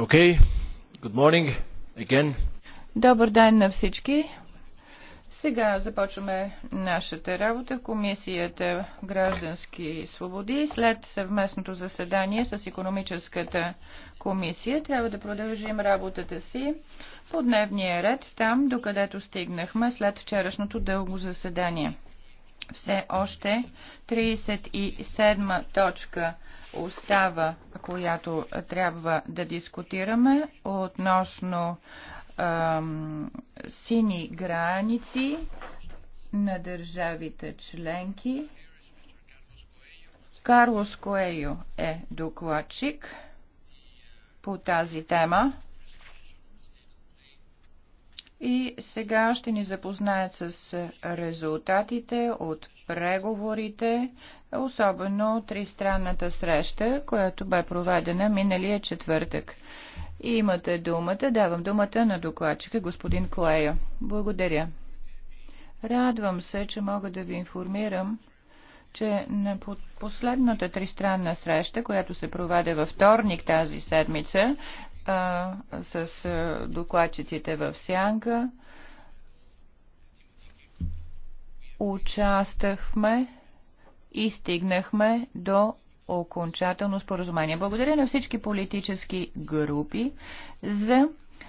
Okay. Good morning again. Добър ден на всички. Сега започваме нашата работа в Комисията граждански свободи. След съвместното заседание с економическата комисия трябва да продължим работата си по дневния ред там, докъдето стигнахме след вчерашното дълго заседание все още. 37 точка остава, която трябва да дискутираме относно ам, сини граници на държавите членки. Карлос Коейо е докладчик по тази тема и сега ще ни запознаят с резултатите от преговорите, особено тристранната среща, която бе проведена миналия четвъртък. И имате думата, давам думата на докладчика господин Клея. Благодаря. Радвам се, че мога да ви информирам, че на последната тристранна среща, която се проведе във вторник тази седмица, а, с а, докладчиците в Сянка. Участвахме и стигнахме до окончателно споразумение. Благодаря на всички политически групи за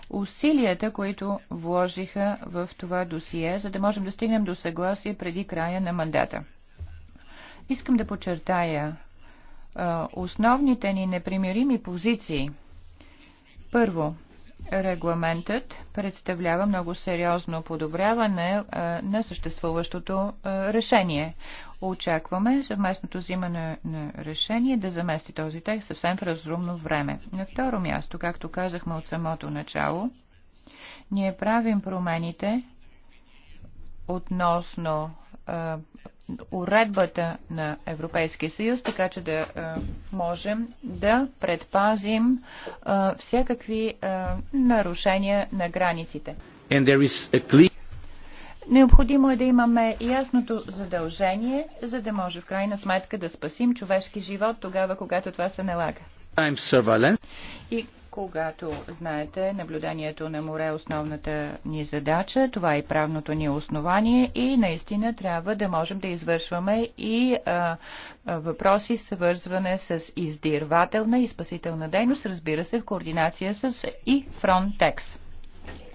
усилията, които вложиха в това досие, за да можем да стигнем до съгласие преди края на мандата. Искам да подчертая основните ни непримирими позиции – първо, регламентът представлява много сериозно подобряване е, на съществуващото е, решение. Очакваме съвместното взимане на решение да замести този текст съвсем в разумно време. На второ място, както казахме от самото начало, ние правим промените относно уредбата на Европейския съюз, така че да можем да предпазим всякакви нарушения на границите. Необходимо е да имаме ясното задължение, за да може в крайна сметка да спасим човешки живот тогава, когато това се налага. И когато знаете, наблюдението на море е основната ни задача, това е правното ни основание и наистина трябва да можем да извършваме и а, а, въпроси свързване с издирвателна и спасителна дейност, разбира се, в координация с и Frontex.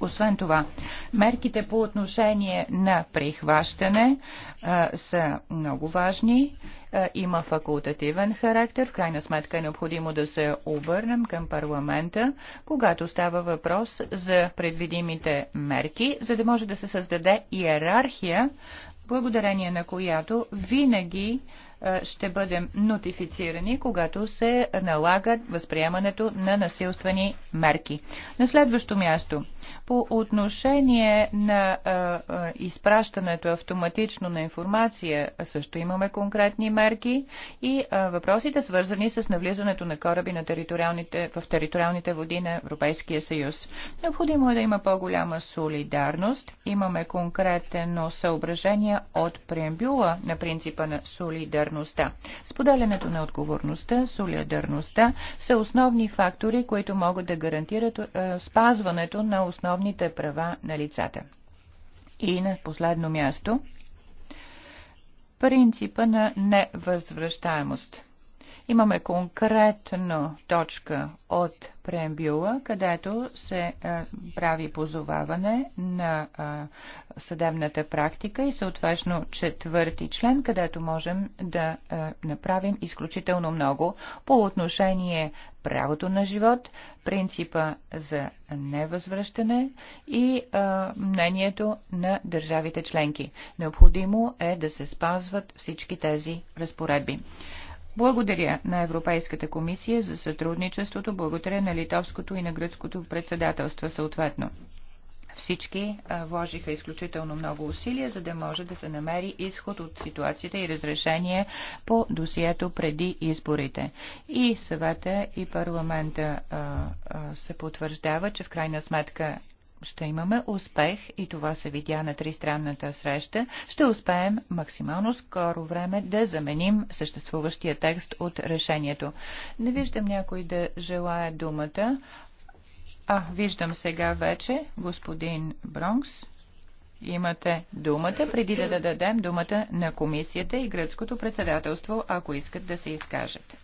Освен това, мерките по отношение на прихващане а, са много важни. А, има факултативен характер. В крайна сметка е необходимо да се обърнем към парламента, когато става въпрос за предвидимите мерки, за да може да се създаде иерархия, благодарение на която винаги ще бъдем нотифицирани, когато се налагат възприемането на насилствени мерки. На следващо място – по отношение на а, а, изпращането автоматично на информация, също имаме конкретни мерки и а, въпросите свързани с навлизането на кораби на териториалните, в териториалните води на Европейския съюз. Необходимо е да има по-голяма солидарност. Имаме конкретно съображение от преамбюла на принципа на солидарността. Споделянето на отговорността, солидарността са основни фактори, които могат да гарантират а, спазването на основните права на лицата. И на последно място, принципа на невъзвръщаемост – Имаме конкретно точка от преембюла, където се а, е, прави позоваване на а, е, съдебната практика и съответно четвърти член, където можем да а, е, направим изключително много по отношение правото на живот, принципа за невъзвръщане и а, мнението на държавите членки. Необходимо е да се спазват всички тези разпоредби. Благодаря на Европейската комисия за сътрудничеството, благодаря на литовското и на гръцкото председателство съответно. Всички вложиха изключително много усилия, за да може да се намери изход от ситуацията и разрешение по досието преди изборите. И съвета и парламента а, а, се потвърждава, че в крайна сметка ще имаме успех и това се видя на тристранната среща, ще успеем максимално скоро време да заменим съществуващия текст от решението. Не виждам някой да желая думата. А, виждам сега вече господин Бронкс. Имате думата, преди да дадем думата на комисията и гръцкото председателство, ако искат да се изкажете.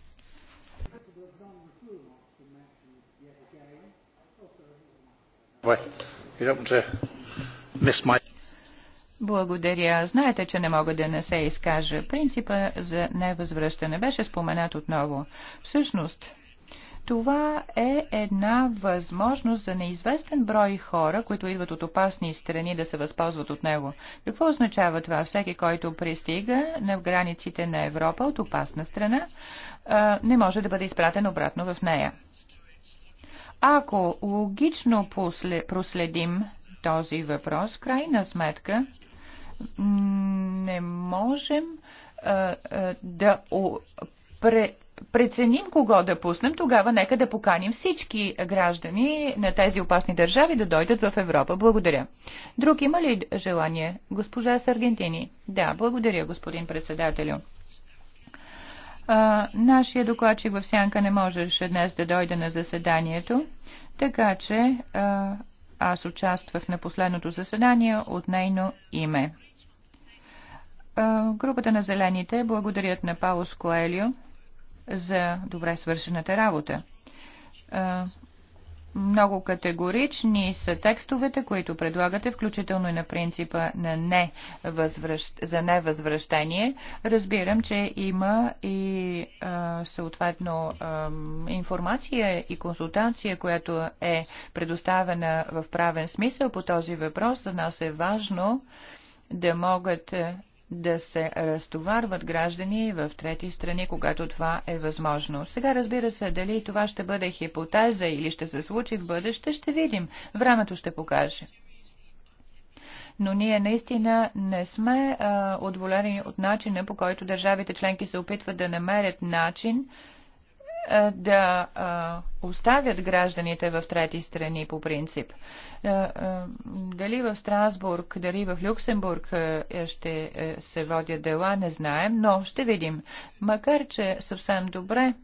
Uh, Благодаря. Знаете, че не мога да не се изкажа. Принципа за невъзвръщане беше споменат отново. Всъщност, това е една възможност за неизвестен брой хора, които идват от опасни страни да се възползват от него. Какво означава това? Всеки, който пристига на границите на Европа от опасна страна, не може да бъде изпратен обратно в нея. Ако логично проследим този въпрос, крайна сметка не можем а, а, да о, пре, преценим кого да пуснем, тогава нека да поканим всички граждани на тези опасни държави да дойдат в Европа. Благодаря. Друг има ли желание? Госпожа Саргентини. Да, благодаря, господин председателю. А, нашия докладчик в Сянка не можеше днес да дойде на заседанието, така че а, аз участвах на последното заседание от нейно име. А, групата на зелените благодарят на Паус Коелио за добре свършената работа. А, много категорични са текстовете, които предлагате, включително и на принципа на не възвръщ... за невъзвръщение. Разбирам, че има и а, съответно а, информация и консултация, която е предоставена в правен смисъл по този въпрос. За нас е важно да могат да се разтоварват граждани в трети страни, когато това е възможно. Сега разбира се, дали това ще бъде хипотеза или ще се случи в бъдеще, ще видим. Времето ще покаже но ние наистина не сме а, отволени от начина, по който държавите членки се опитват да намерят начин е, да е, оставят гражданите в трети страни по принцип. Е, дали в Страсбург, дали в Люксембург ще се водят дела, не знаем, но ще видим. Макар, че съвсем добре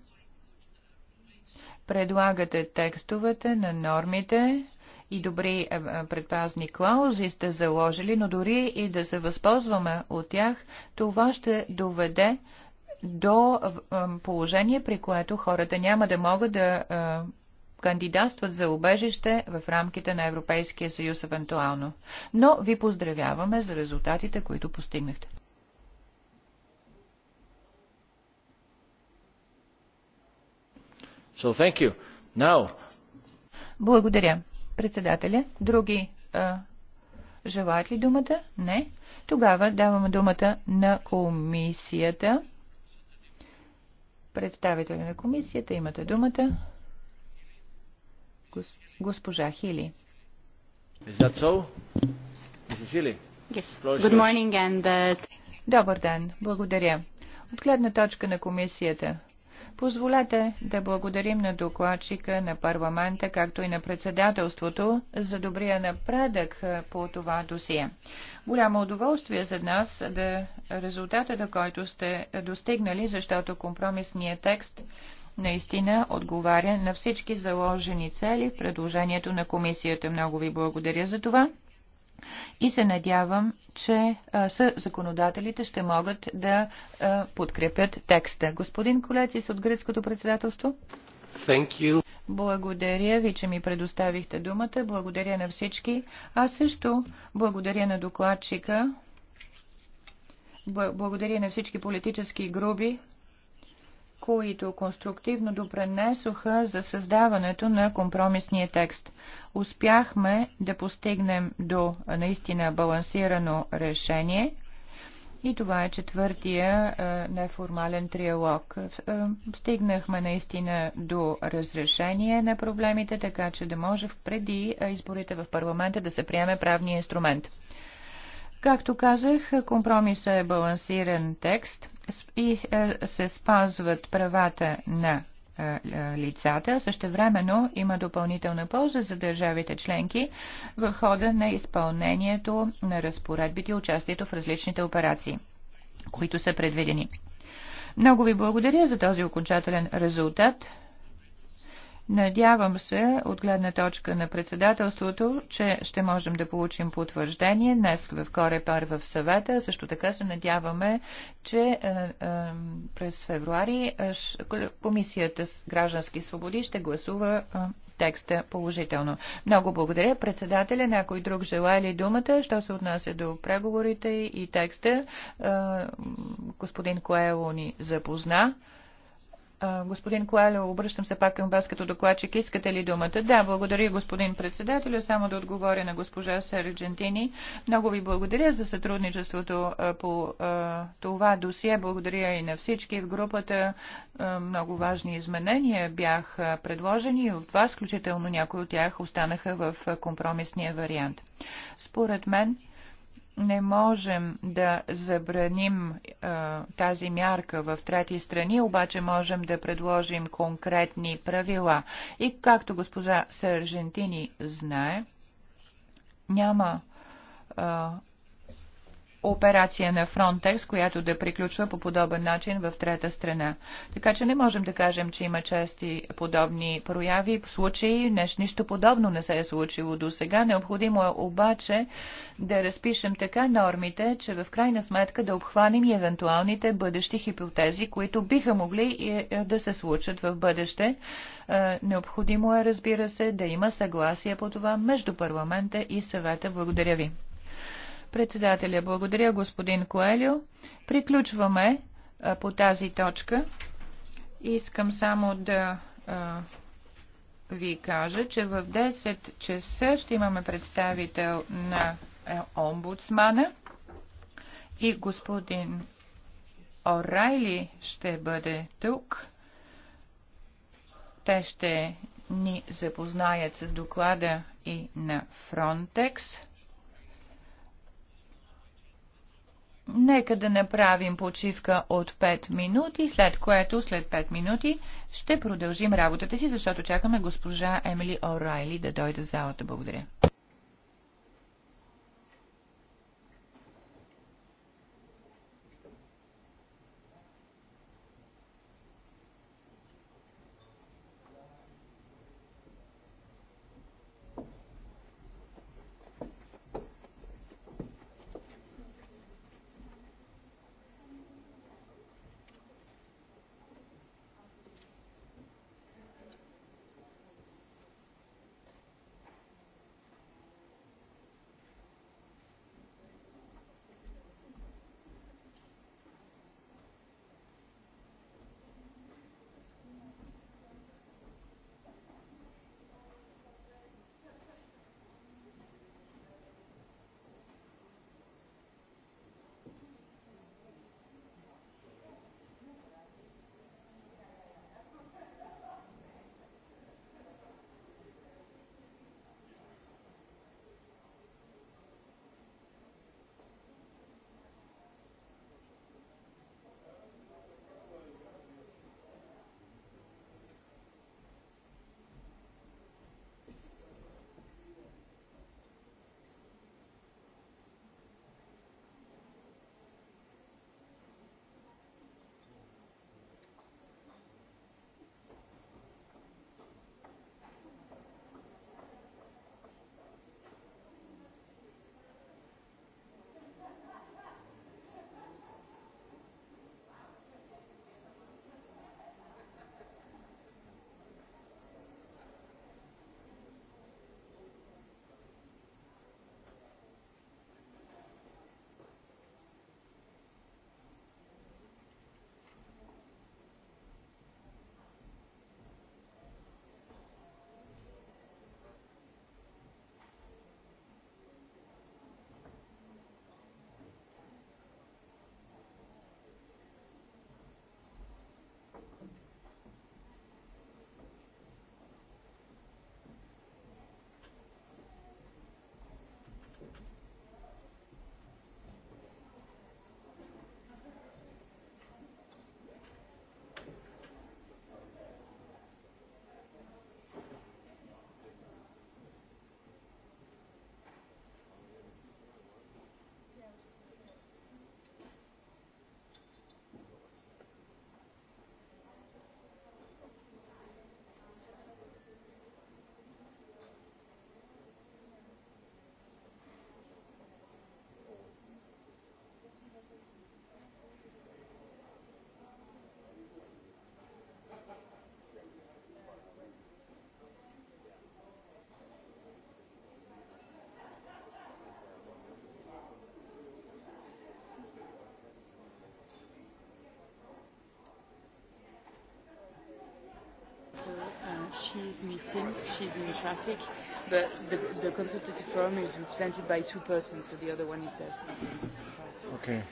предлагате текстовете на нормите, и добри предпазни клаузи сте заложили, но дори и да се възползваме от тях, това ще доведе до положение, при което хората няма да могат да кандидатстват за убежище в рамките на Европейския съюз евентуално. Но ви поздравяваме за резултатите, които постигнахте. So thank you. Now. Благодаря. Председателя, други а, желаят ли думата? Не. Тогава даваме думата на комисията. Представители на комисията, имате думата. Гос, госпожа Хили. So? Yes. The... Uh, Добър ден, благодаря. От гледна точка на комисията, Позволете да благодарим на докладчика, на парламента, както и на председателството за добрия напредък по това досие. Голямо удоволствие за нас да резултата, до който сте достигнали, защото компромисният текст наистина отговаря на всички заложени цели в предложението на комисията. Много ви благодаря за това и се надявам, че а, законодателите ще могат да подкрепят текста. Господин Колеци от гръцкото председателство. Thank you. Благодаря ви, че ми предоставихте думата. Благодаря на всички. а също благодаря на докладчика. Благодаря на всички политически групи, които конструктивно допренесоха за създаването на компромисния текст. Успяхме да постигнем до наистина балансирано решение, и това е четвъртия е, неформален триалог. Е, стигнахме наистина до разрешение на проблемите, така че да може преди е, изборите в парламента да се приеме правния инструмент. Както казах, компромисът е балансиран текст и е, се спазват правата на е, е, лицата. Същевременно има допълнителна полза за държавите членки в хода на изпълнението на разпоредбите и участието в различните операции, които са предвидени. Много ви благодаря за този окончателен резултат. Надявам се, от гледна точка на председателството, че ще можем да получим потвърждение днес в Корепар в съвета. Също така се надяваме, че е, е, през февруари е, комисията с граждански свободи ще гласува текста положително. Много благодаря. Председателя, някой друг желая ли думата, що се отнася до преговорите и текста? Господин Коело ни запозна. Господин Коалео, обръщам се пак към вас като докладчик. Искате ли думата? Да, благодаря господин председател. Само да отговоря на госпожа Сарджентини. Много ви благодаря за сътрудничеството по това досие. Благодаря и на всички в групата. Много важни изменения бях предложени и от вас, включително някои от тях останаха в компромисния вариант. Според мен, не можем да забраним а, тази мярка в трети страни, обаче можем да предложим конкретни правила. И както госпожа Саржентини знае, няма а, операция на Фронтекс, която да приключва по подобен начин в трета страна. Така че не можем да кажем, че има чести подобни прояви. В случаи неш, нищо подобно не се е случило до сега. Необходимо е обаче да разпишем така нормите, че в крайна сметка да обхванем и евентуалните бъдещи хипотези, които биха могли и е, да се случат в бъдеще. Е, необходимо е, разбира се, да има съгласие по това между парламента и съвета. Благодаря ви. Председателя, благодаря господин Коелио. Приключваме а, по тази точка. Искам само да а, ви кажа, че в 10 часа ще имаме представител на е, омбудсмана и господин Орайли ще бъде тук. Те ще ни запознаят с доклада и на Фронтекс. Нека да направим почивка от 5 минути, след което след 5 минути ще продължим работата си, защото чакаме госпожа Емили Орайли да дойде в залата. Благодаря. she missing. She's in traffic. But the, the consultative forum is represented by two persons, so the other one is there. Okay.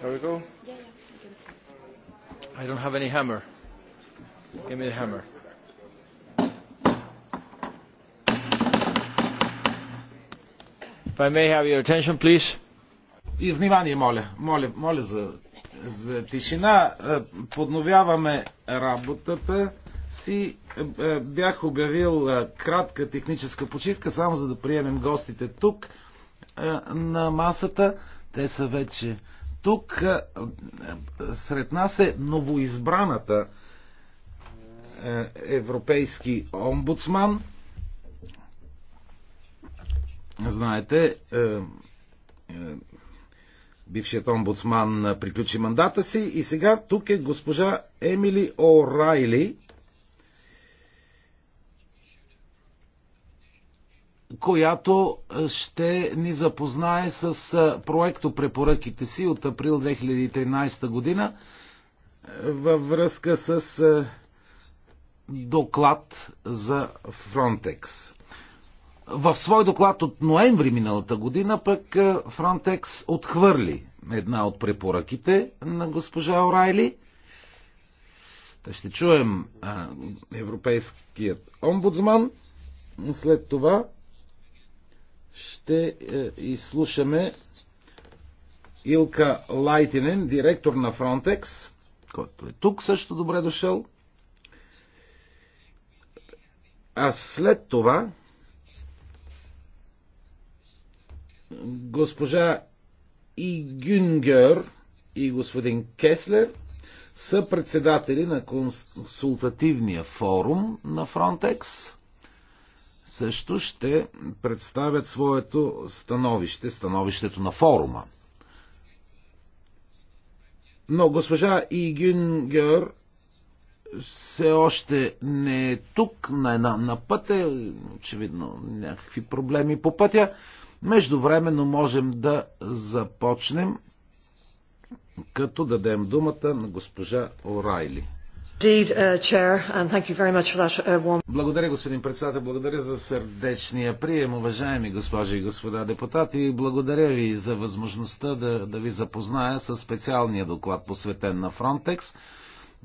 Shall we go? Yeah, yeah, I don't have any hammer. Give me the hammer. If I may have your attention, please. И внимание, моля, моля, моля за, за тишина. Е, подновяваме работата си. Е, е, бях обявил кратка техническа почивка, само за да приемем гостите тук на масата. Те са вече тук. Сред нас е новоизбраната европейски омбудсман. Знаете, бившият омбудсман приключи мандата си и сега тук е госпожа Емили О'Райли, която ще ни запознае с проекто препоръките си от април 2013 година във връзка с доклад за Фронтекс. В свой доклад от ноември миналата година пък Фронтекс отхвърли една от препоръките на госпожа Орайли. Та ще чуем а, европейският омбудсман. След това ще е, изслушаме Илка Лайтинен, директор на Фронтекс, който е тук също добре дошъл. А след това Госпожа И Гюнгер и господин Кеслер са председатели на консултативния форум на Фронтекс. Също ще представят своето становище, становището на форума. Но госпожа Игюнгер все още не е тук, на, на, на пътя, очевидно някакви проблеми по пътя. Междувременно можем да започнем като дадем думата на госпожа Орайли. Uh, uh, благодаря, господин председател. Благодаря за сърдечния прием, уважаеми госпожи и господа депутати. Благодаря ви за възможността да, да ви запозная с специалния доклад, посветен на Фронтекс,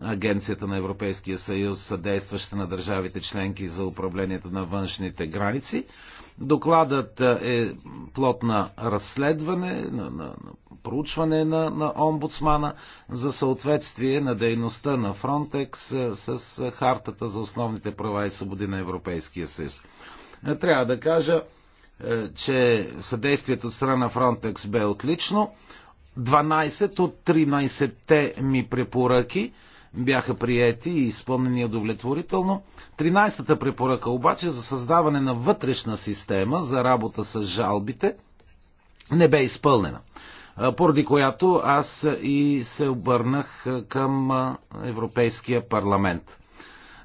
Агенцията на Европейския съюз, съдействаща на държавите членки за управлението на външните граници. Докладът е плод на разследване, на, на, на проучване на, на омбудсмана за съответствие на дейността на Фронтекс с, с Хартата за основните права и свободи на Европейския съюз. Трябва да кажа, че съдействието от страна на Фронтекс бе отлично. 12 от 13-те ми препоръки бяха приети и изпълнени удовлетворително. Тринайстата препоръка обаче за създаване на вътрешна система за работа с жалбите не бе изпълнена. Поради която аз и се обърнах към Европейския парламент.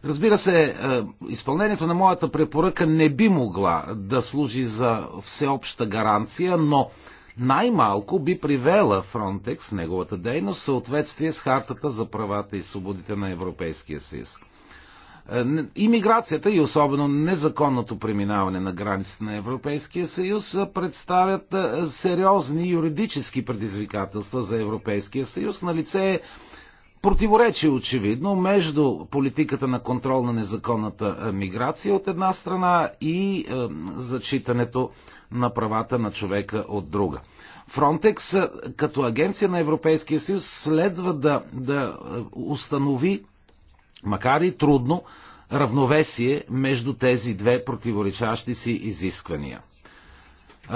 Разбира се, изпълнението на моята препоръка не би могла да служи за всеобща гаранция, но най-малко би привела Фронтекс, неговата дейност, в съответствие с Хартата за правата и свободите на Европейския съюз. Е, имиграцията и особено незаконното преминаване на границите на Европейския съюз е, представят е, сериозни юридически предизвикателства за Европейския съюз. На лице е противоречие очевидно между политиката на контрол на незаконната миграция от една страна и зачитането на правата на човека от друга. Фронтекс като агенция на Европейския съюз следва да, да установи, макар и трудно, равновесие между тези две противоречащи си изисквания.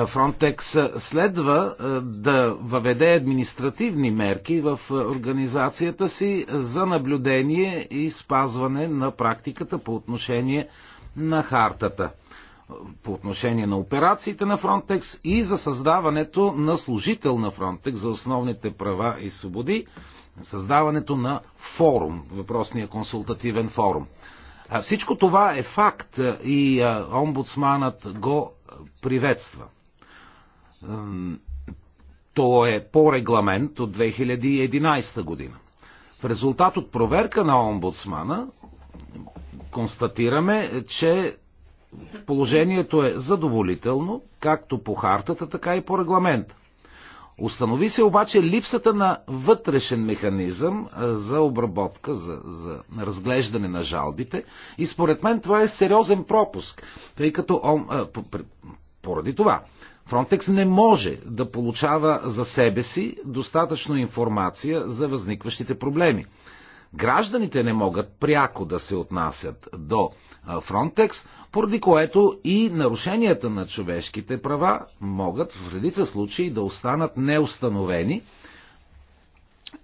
Фронтекс следва е, да въведе административни мерки в организацията си за наблюдение и спазване на практиката по отношение на хартата по отношение на операциите на Фронтекс и за създаването на служител на Фронтекс за основните права и свободи, създаването на форум, въпросния консултативен форум. Всичко това е факт и омбудсманът го приветства. То е по регламент от 2011 година. В резултат от проверка на омбудсмана констатираме, че Положението е задоволително, както по хартата, така и по регламент. Установи се обаче липсата на вътрешен механизъм за обработка, за, за разглеждане на жалбите и според мен това е сериозен пропуск, тъй като он, а, поради това Фронтекс не може да получава за себе си достатъчно информация за възникващите проблеми. Гражданите не могат пряко да се отнасят до Фронтекс, поради което и нарушенията на човешките права могат в редица случаи да останат неустановени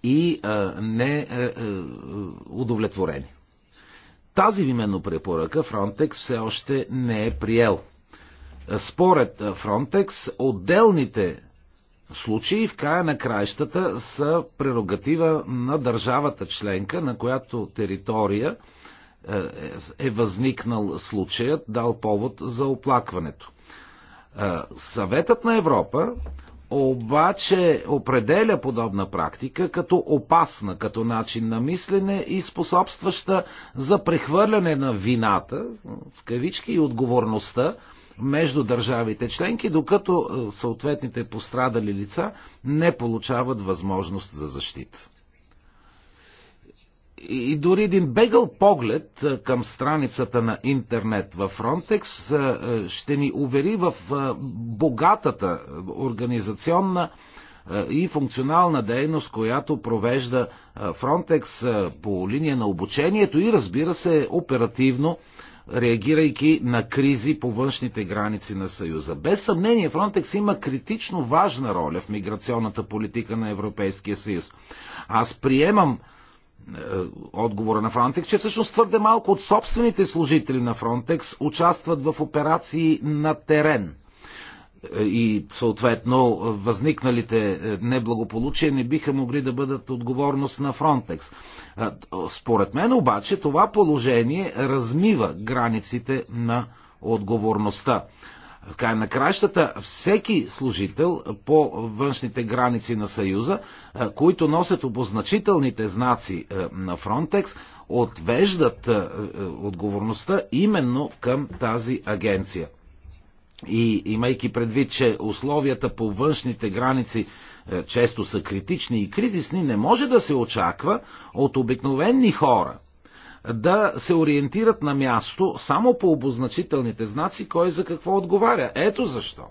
и не е, е, удовлетворени. Тази именно препоръка Фронтекс все още не е приел. Според Фронтекс, отделните случаи в края на краищата са прерогатива на държавата членка, на която територия е, е възникнал случаят, дал повод за оплакването. Е, Съветът на Европа обаче определя подобна практика като опасна, като начин на мислене и способстваща за прехвърляне на вината, в кавички, и отговорността между държавите членки, докато е, съответните пострадали лица не получават възможност за защита. И дори един бегъл поглед към страницата на интернет във Frontex ще ни увери в богатата организационна и функционална дейност, която провежда Frontex по линия на обучението и разбира се оперативно реагирайки на кризи по външните граници на Съюза. Без съмнение, Фронтекс има критично важна роля в миграционната политика на Европейския съюз. Аз приемам е, отговора на Фронтекс, че всъщност твърде малко от собствените служители на Фронтекс участват в операции на терен. Е, и съответно възникналите е, неблагополучия не биха могли да бъдат отговорност на Фронтекс. Според мен обаче това положение размива границите на отговорността. В край на краищата всеки служител по външните граници на Съюза, е, които носят обозначителните знаци е, на Фронтекс, отвеждат е, отговорността именно към тази агенция. И имайки предвид, че условията по външните граници често са критични и кризисни, не може да се очаква от обикновенни хора, да се ориентират на място само по обозначителните знаци, кой за какво отговаря. Ето защо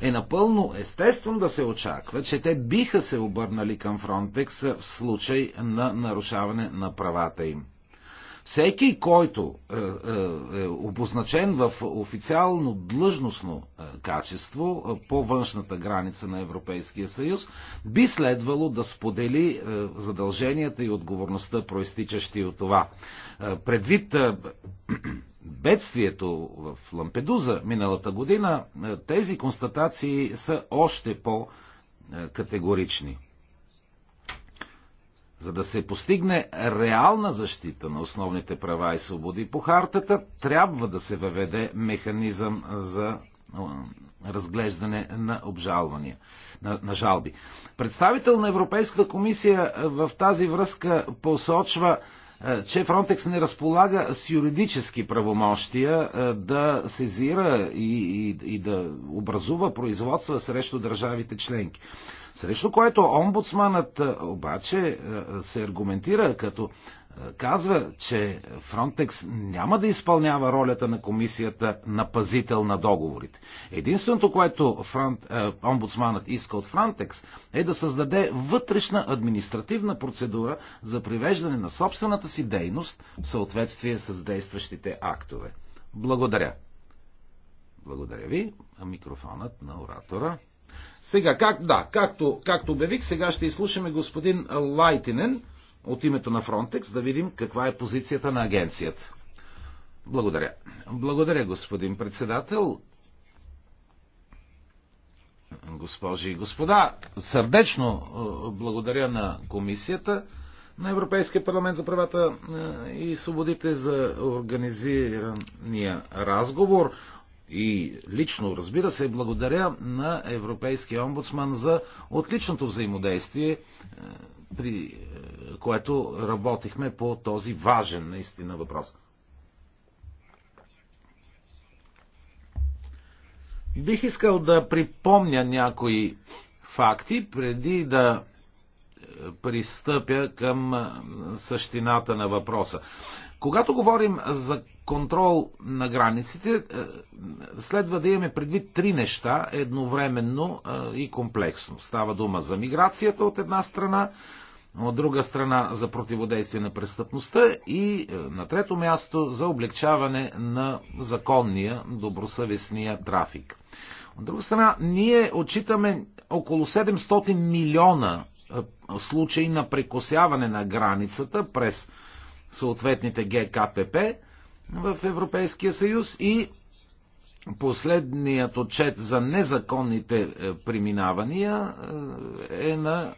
е напълно естествено да се очаква, че те биха се обърнали към Фронтекс в случай на нарушаване на правата им. Всеки, който е, е, е обозначен в официално длъжностно е, качество по външната граница на Европейския съюз, би следвало да сподели задълженията и отговорността, проистичащи от това. Предвид бедствието в Лампедуза миналата година, тези констатации са още по-категорични. За да се постигне реална защита на основните права и свободи по хартата, трябва да се въведе механизъм за разглеждане на обжалвания, на, на жалби. Представител на Европейската комисия в тази връзка посочва, че Фронтекс не разполага с юридически правомощия да сезира и, и, и да образува производства срещу държавите членки. Срещу което омбудсманът е, обаче е, се аргументира като е, казва, че Фронтекс няма да изпълнява ролята на комисията на пазител на договорите. Единственото, което фронт, е, омбудсманът иска от Фронтекс е да създаде вътрешна административна процедура за привеждане на собствената си дейност в съответствие с действащите актове. Благодаря. Благодаря ви. Микрофонът на оратора. Сега, как, да, както, както обявих, сега ще изслушаме господин Лайтинен от името на Фронтекс, да видим каква е позицията на агенцията. Благодаря. Благодаря, господин председател. Госпожи и господа, сърдечно е, благодаря на комисията на Европейския парламент за правата е, и свободите за организирания разговор. И лично, разбира се, благодаря на Европейския омбудсман за отличното взаимодействие, е, при е, което работихме по този важен наистина въпрос. Бих искал да припомня някои факти, преди да е, пристъпя към същината на въпроса. Когато говорим за контрол на границите е, следва да имаме предвид три неща едновременно е, и комплексно. Става дума за миграцията от една страна, от друга страна за противодействие на престъпността и е, на трето място за облегчаване на законния, добросъвестния трафик. От друга страна, ние отчитаме около 700 милиона случаи на прекосяване на границата през съответните ГКПП, в Европейския съюз и последният отчет за незаконните е, преминавания е, е на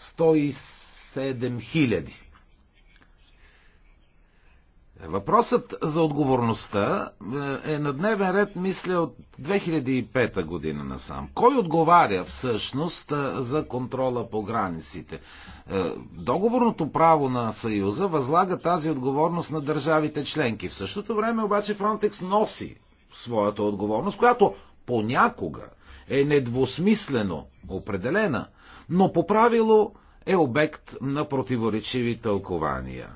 107 хиляди. Въпросът за отговорността е, е на дневен ред, мисля, от 2005 година насам. Кой отговаря всъщност е, за контрола по границите? Е, договорното право на Съюза възлага тази отговорност на държавите членки. В същото време обаче Фронтекс носи своята отговорност, която понякога е недвусмислено определена, но по правило е обект на противоречиви тълкования.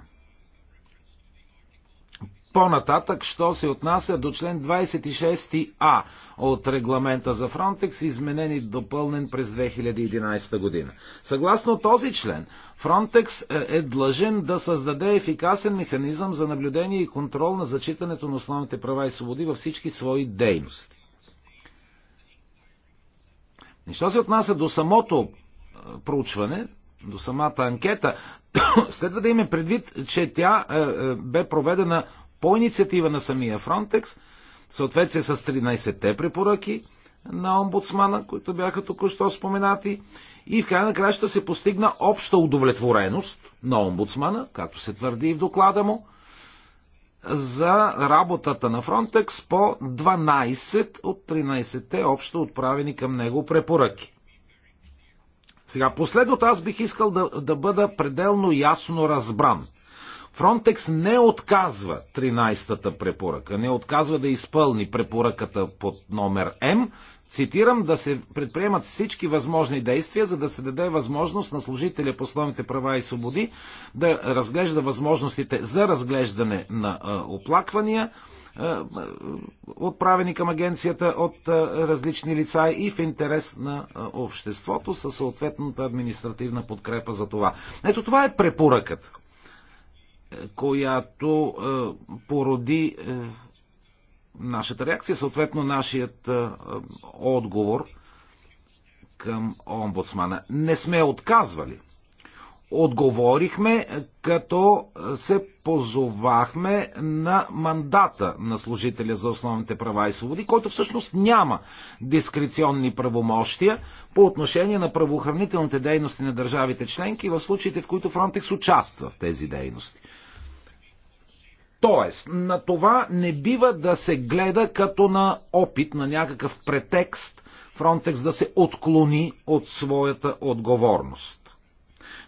По-нататък, що се отнася до член 26а от регламента за Фронтекс, изменен и допълнен през 2011 година. Съгласно този член, Фронтекс е, е длъжен да създаде ефикасен механизъм за наблюдение и контрол на зачитането на основните права и свободи във всички свои дейности. И що се отнася до самото е, проучване, до самата анкета, следва да има предвид, че тя е, е, бе проведена по инициатива на самия Фронтекс, в съответствие с 13-те препоръки на омбудсмана, които бяха току-що споменати, и в края на краща се постигна обща удовлетвореност на омбудсмана, както се твърди и в доклада му, за работата на Фронтекс по 12 от 13-те общо отправени към него препоръки. Сега, последното аз бих искал да, да бъда пределно ясно разбран – Фронтекс не отказва 13-та препоръка, не отказва да изпълни препоръката под номер М, цитирам, да се предприемат всички възможни действия, за да се даде възможност на служителя по основните права и свободи да разглежда възможностите за разглеждане на оплаквания, отправени към агенцията от различни лица и в интерес на обществото със съответната административна подкрепа за това. Ето това е препоръкът която е, породи е, нашата реакция, съответно нашият е, отговор към омбудсмана. Не сме отказвали. Отговорихме, като се позовахме на мандата на служителя за основните права и свободи, който всъщност няма дискреционни правомощия по отношение на правоохранителните дейности на държавите членки в случаите, в които Фронтекс участва в тези дейности. Тоест, на това не бива да се гледа като на опит, на някакъв претекст Фронтекс да се отклони от своята отговорност.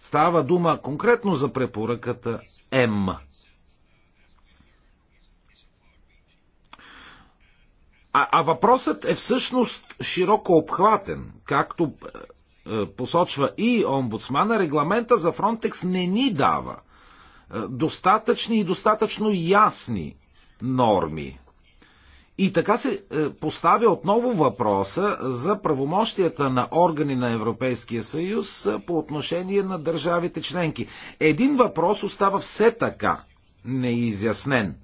Става дума конкретно за препоръката М. А, а въпросът е всъщност широко обхватен, както е, е посочва и омбудсмана, регламента за Фронтекс не ни дава е, достатъчни и достатъчно ясни норми. И така се е, поставя отново въпроса за правомощията на органи на Европейския съюз е, по отношение на държавите членки. Един въпрос остава все така неизяснен,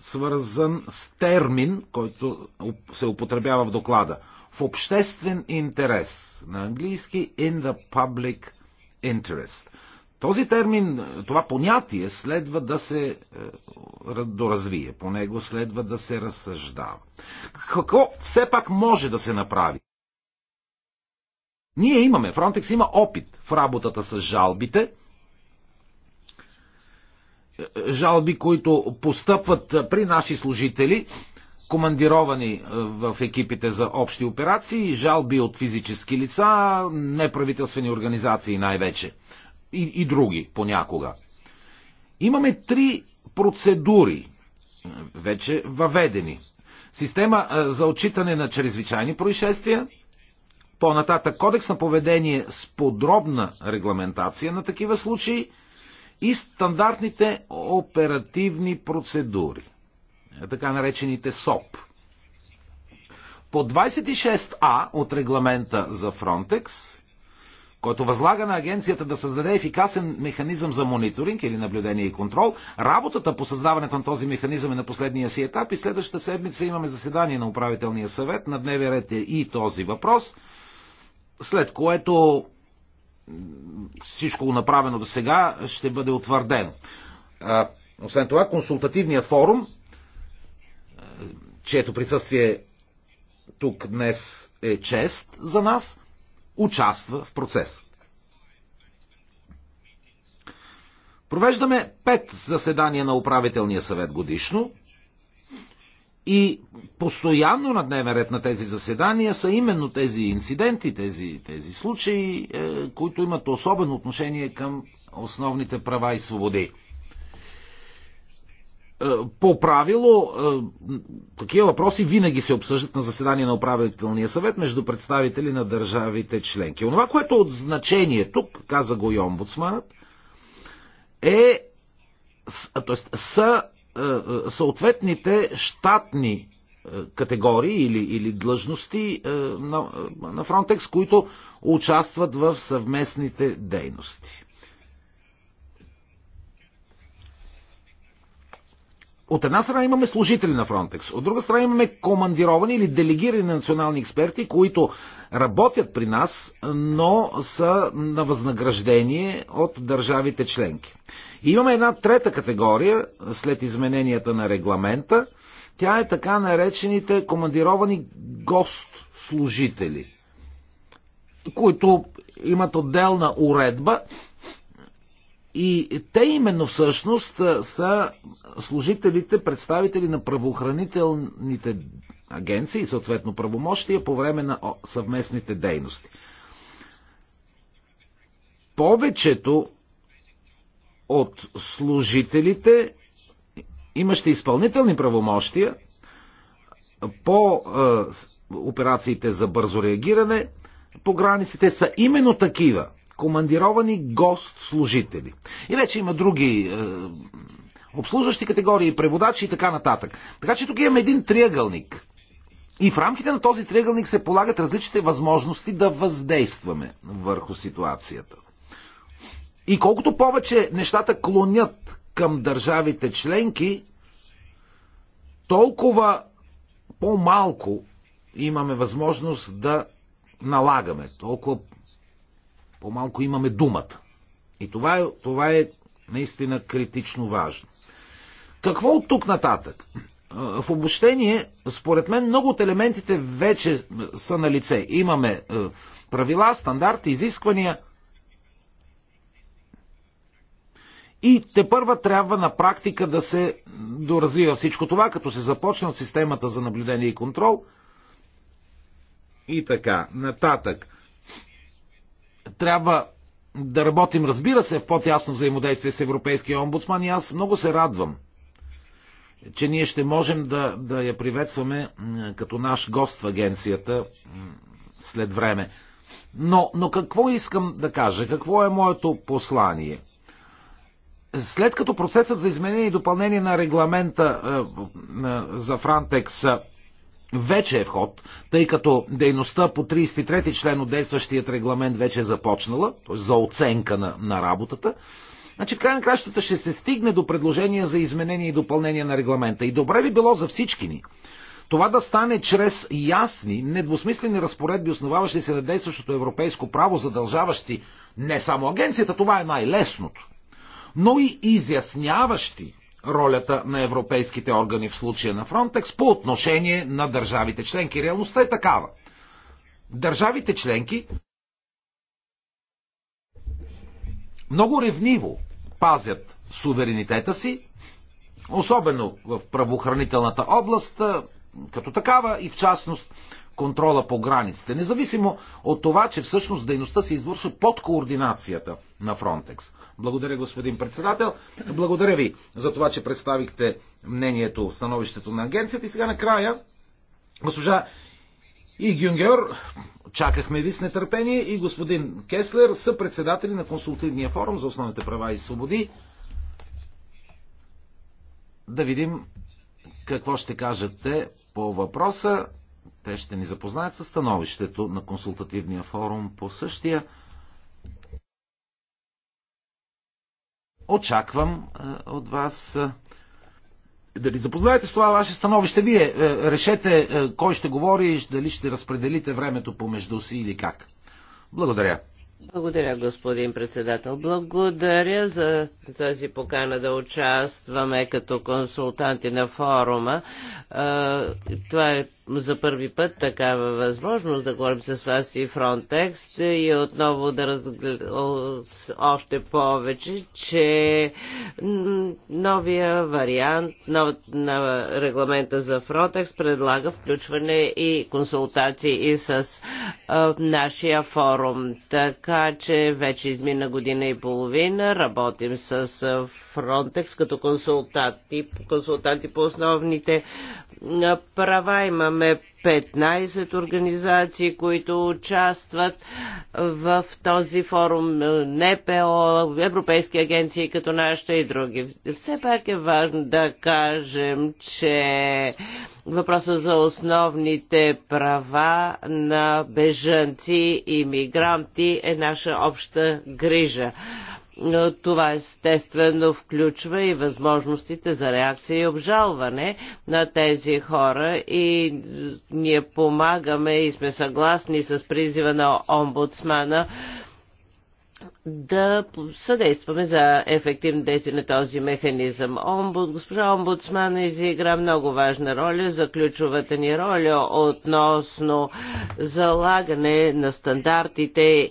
свързан с термин, който се употребява в доклада. В обществен интерес. На английски in the public interest. Този термин, това понятие следва да се е, доразвие, по него следва да се разсъждава. Какво все пак може да се направи? Ние имаме, Фронтекс има опит в работата с жалбите, е, жалби, които постъпват при наши служители, командировани е, в екипите за общи операции, жалби от физически лица, неправителствени организации най-вече и, и други понякога. Имаме три процедури, вече въведени. Система за отчитане на чрезвичайни происшествия, по-нататък кодекс на поведение с подробна регламентация на такива случаи и стандартните оперативни процедури, така наречените СОП. По 26А от регламента за Фронтекс който възлага на агенцията да създаде ефикасен механизъм за мониторинг или наблюдение и контрол. Работата по създаването на този механизъм е на последния си етап и следващата седмица имаме заседание на управителния съвет. На дневен ред е и този въпрос, след което всичко направено до сега ще бъде утвърдено. Освен това, консултативният форум, чието присъствие тук днес е чест за нас, участва в процеса. Провеждаме пет заседания на управителния съвет годишно и постоянно на дневен ред на тези заседания са именно тези инциденти, тези, тези случаи, е, които имат особено отношение към основните права и свободи. Е, по правило, е, такива въпроси винаги се обсъждат на заседание на управителния съвет между представители на държавите членки. Онова, което е от значение тук, каза го и омбудсманът, е т.е. са съответните щатни категории или, или длъжности на, на Frontex, които участват в съвместните дейности. от една страна имаме служители на Фронтекс, от друга страна имаме командировани или делегирани национални експерти, които работят при нас, но са на възнаграждение от държавите членки. И имаме една трета категория след измененията на регламента. Тя е така наречените командировани гост-служители, които имат отделна уредба и те именно всъщност са служителите, представители на правоохранителните агенции, съответно правомощия по време на съвместните дейности. Повечето от служителите, имащи изпълнителни правомощия по операциите за бързо реагиране по границите, са именно такива командировани гост-служители. И вече има други е, обслужващи категории, преводачи и така нататък. Така че тук имаме един триъгълник. И в рамките на този триъгълник се полагат различните възможности да въздействаме върху ситуацията. И колкото повече нещата клонят към държавите членки, толкова по-малко имаме възможност да налагаме, толкова по-малко имаме думата. И това е, това е наистина критично важно. Какво от тук нататък? В обобщение, според мен, много от елементите вече са на лице. Имаме правила, стандарти, изисквания. И те първа трябва на практика да се доразвива всичко това, като се започне от системата за наблюдение и контрол. И така, нататък трябва да работим, разбира се, в по-тясно взаимодействие с Европейския омбудсман и аз много се радвам, че ние ще можем да, да я приветстваме като наш гост в агенцията след време. Но, но какво искам да кажа? Какво е моето послание? След като процесът за изменение и допълнение на регламента е, е, за Франтекс е, вече е вход, тъй като дейността по 33 ти член от действащият регламент вече е започнала, т.е. за оценка на, на работата, Значи, в край на кращата ще се стигне до предложения за изменение и допълнение на регламента. И добре би било за всички ни. Това да стане чрез ясни, недвусмислени разпоредби, основаващи се на действащото европейско право, задължаващи не само агенцията, това е най-лесното, но и изясняващи ролята на европейските органи в случая на Фронтекс по отношение на държавите членки. Реалността е такава. Държавите членки много ревниво пазят суверенитета си, особено в правоохранителната област, като такава и в частност контрола по границите. Независимо от това, че всъщност дейността се извършва под координацията на Фронтекс. Благодаря, господин председател. Благодаря ви за това, че представихте мнението, становището на агенцията. И сега накрая, госпожа и Гюнгер, чакахме ви с нетърпение и господин Кеслер са председатели на Консултивния форум за основните права и свободи. Да видим какво ще кажете по въпроса. Те ще ни запознаят с становището на консултативния форум по същия. Очаквам е, от вас е, да ни запознаете с това ваше становище. Вие е, решете кой ще говори, дали ще разпределите времето помежду си или как. Благодаря. Благодаря, господин председател. Благодаря за тази покана да участваме като консултанти на форума. Това е за първи път такава възможност да говорим с вас и Frontex и отново да разгледам още повече, че новия вариант нов, на регламента за Фронтекс предлага включване и консултации и с а, нашия форум. Така че вече измина година и половина работим с Фронтекс като консултанти, консултанти по основните права. Имаме имаме 15 организации, които участват в този форум, НПО, европейски агенции като нашите и други. Все пак е важно да кажем, че въпросът за основните права на бежанци и мигранти е наша обща грижа. Това естествено включва и възможностите за реакция и обжалване на тези хора и ние помагаме и сме съгласни с призива на омбудсмана да съдействаме за ефективно действие на този механизъм. Омбуд, госпожа Омбудсман изигра много важна роля за ключовата ни роля относно залагане на стандартите е,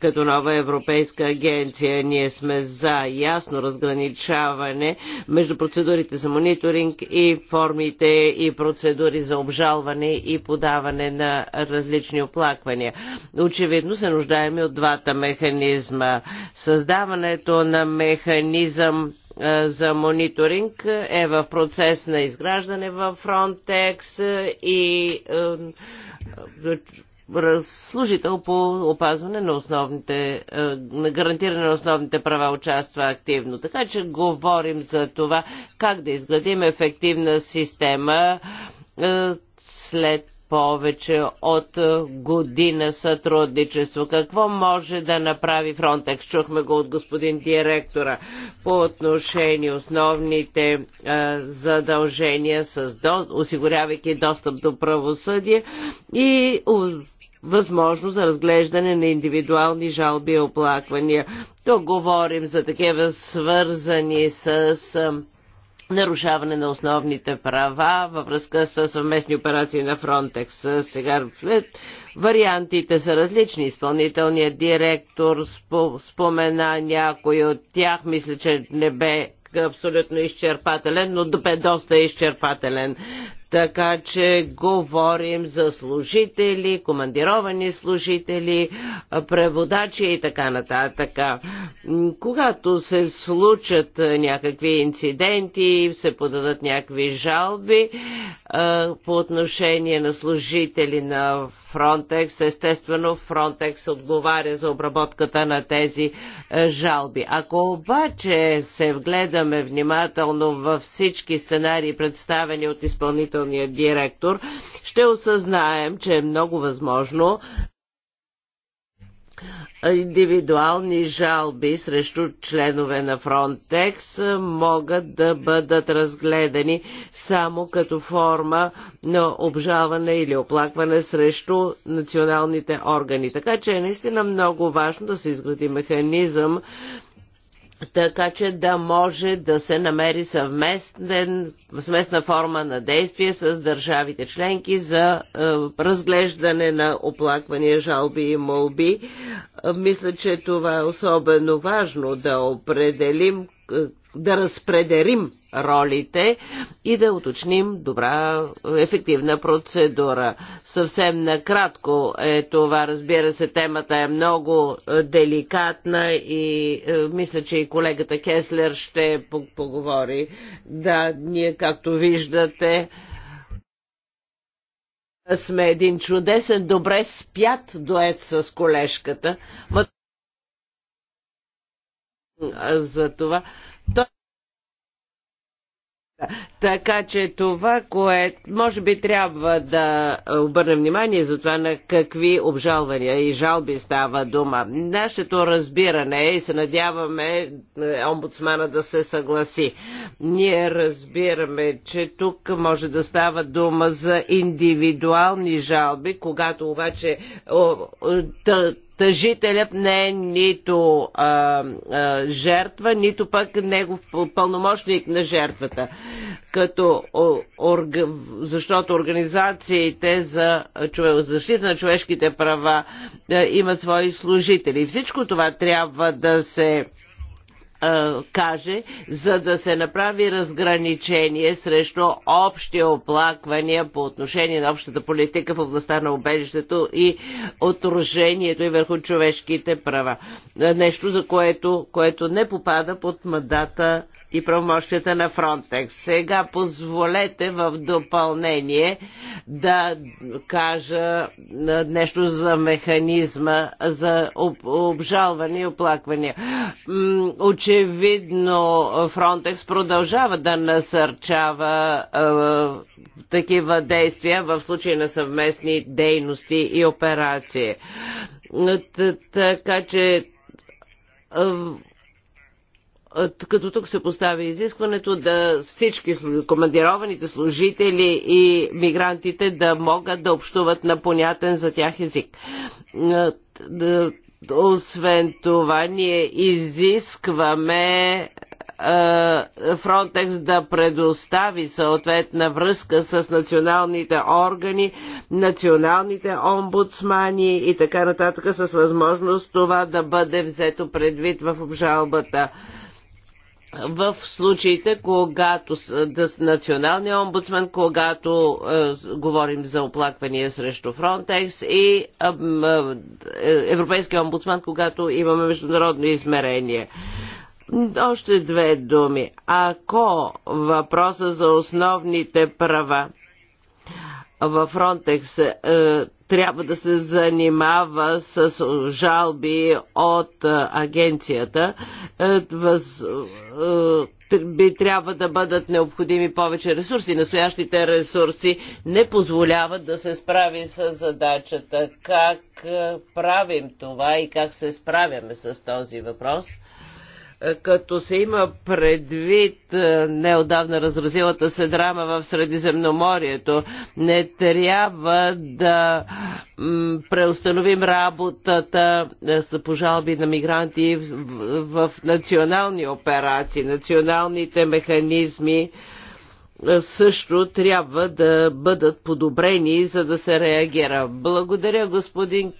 като нова европейска агенция. Ние сме за ясно разграничаване между процедурите за мониторинг и формите и процедури за обжалване и подаване на различни оплаквания. Очевидно се нуждаеме от двата механизма механизма. Създаването на механизъм за мониторинг е в процес на изграждане в Frontex и служител по опазване на основните, на гарантиране на основните права участва активно. Така че говорим за това как да изградим ефективна система след повече от е, година сътрудничество. Какво може да направи Фронтекс? Чухме го от господин директора по отношение основните е, задължения, с до, осигурявайки достъп до правосъдие и възможност за разглеждане на индивидуални жалби и оплаквания. То говорим за такива свързани с е, нарушаване на основните права във връзка с съвместни операции на Фронтекс. Сега вариантите са различни. Изпълнителният директор спомена някой от тях. Мисля, че не бе абсолютно изчерпателен, но бе доста изчерпателен. Така че говорим за служители, командировани служители, преводачи и така нататък. Когато се случат някакви инциденти, се подадат някакви жалби по отношение на служители на Фронтекс, естествено Фронтекс отговаря за обработката на тези жалби. Ако обаче се вгледаме внимателно във всички сценарии, представени от изпълнителите, изпълнителния директор, ще осъзнаем, че е много възможно индивидуални жалби срещу членове на Фронтекс могат да бъдат разгледани само като форма на обжалване или оплакване срещу националните органи. Така че е наистина много важно да се изгради механизъм, така че да може да се намери съвместен, съвместна форма на действие с държавите членки за е, разглеждане на оплаквания, жалби и молби. Е, мисля, че това е особено важно да определим е, да разпределим ролите и да уточним добра, ефективна процедура. Съвсем накратко е това. Разбира се, темата е много е, деликатна и е, мисля, че и колегата Кеслер ще поговори. Да, ние, както виждате, сме един чудесен, добре спят дует с колежката. За това така че това, което може би трябва да обърнем внимание за това на какви обжалвания и жалби става дума. Нашето разбиране и се надяваме е, омбудсмана да се съгласи. Ние разбираме, че тук може да става дума за индивидуални жалби, когато обаче тъжителят не е нито а, а, жертва, нито пък негов пълномощник на жертвата. Като, орг... защото организациите за защита на човешките права а, е, имат свои служители. Всичко това трябва да се каже, за да се направи разграничение срещу общи оплаквания по отношение на общата политика в областта на убежището и отражението и върху човешките права. Нещо, за което, което не попада под мандата и правомощията на Фронтекс. Сега позволете в допълнение да кажа нещо за механизма за обжалване и оплаквания. Очевидно Фронтекс продължава да насърчава такива действия в случай на съвместни дейности и операции. Така че е, като тук се постави изискването да всички командированите служители и мигрантите да могат да общуват на понятен за тях език. Е, е, освен това, ние изискваме Фронтекс да предостави съответна връзка с националните органи, националните омбудсмани и така нататък с възможност това да бъде взето предвид в обжалбата в случаите, когато националния омбудсман, когато е, говорим за оплаквания срещу Frontex и е, е, европейския омбудсман, когато имаме международно измерение. Още две думи. Ако въпроса за основните права във Фронтекс е, трябва да се занимава с жалби от агенцията. Е, е, би трябва да бъдат необходими повече ресурси. Настоящите ресурси не позволяват да се справи с задачата. Как е, правим това и как се справяме с този въпрос? като се има предвид е, неодавна разразилата се драма в Средиземноморието, не трябва да преустановим работата с е, пожалби на мигранти в национални операции, националните механизми е, също трябва да бъдат подобрени, за да се реагира. Благодаря господин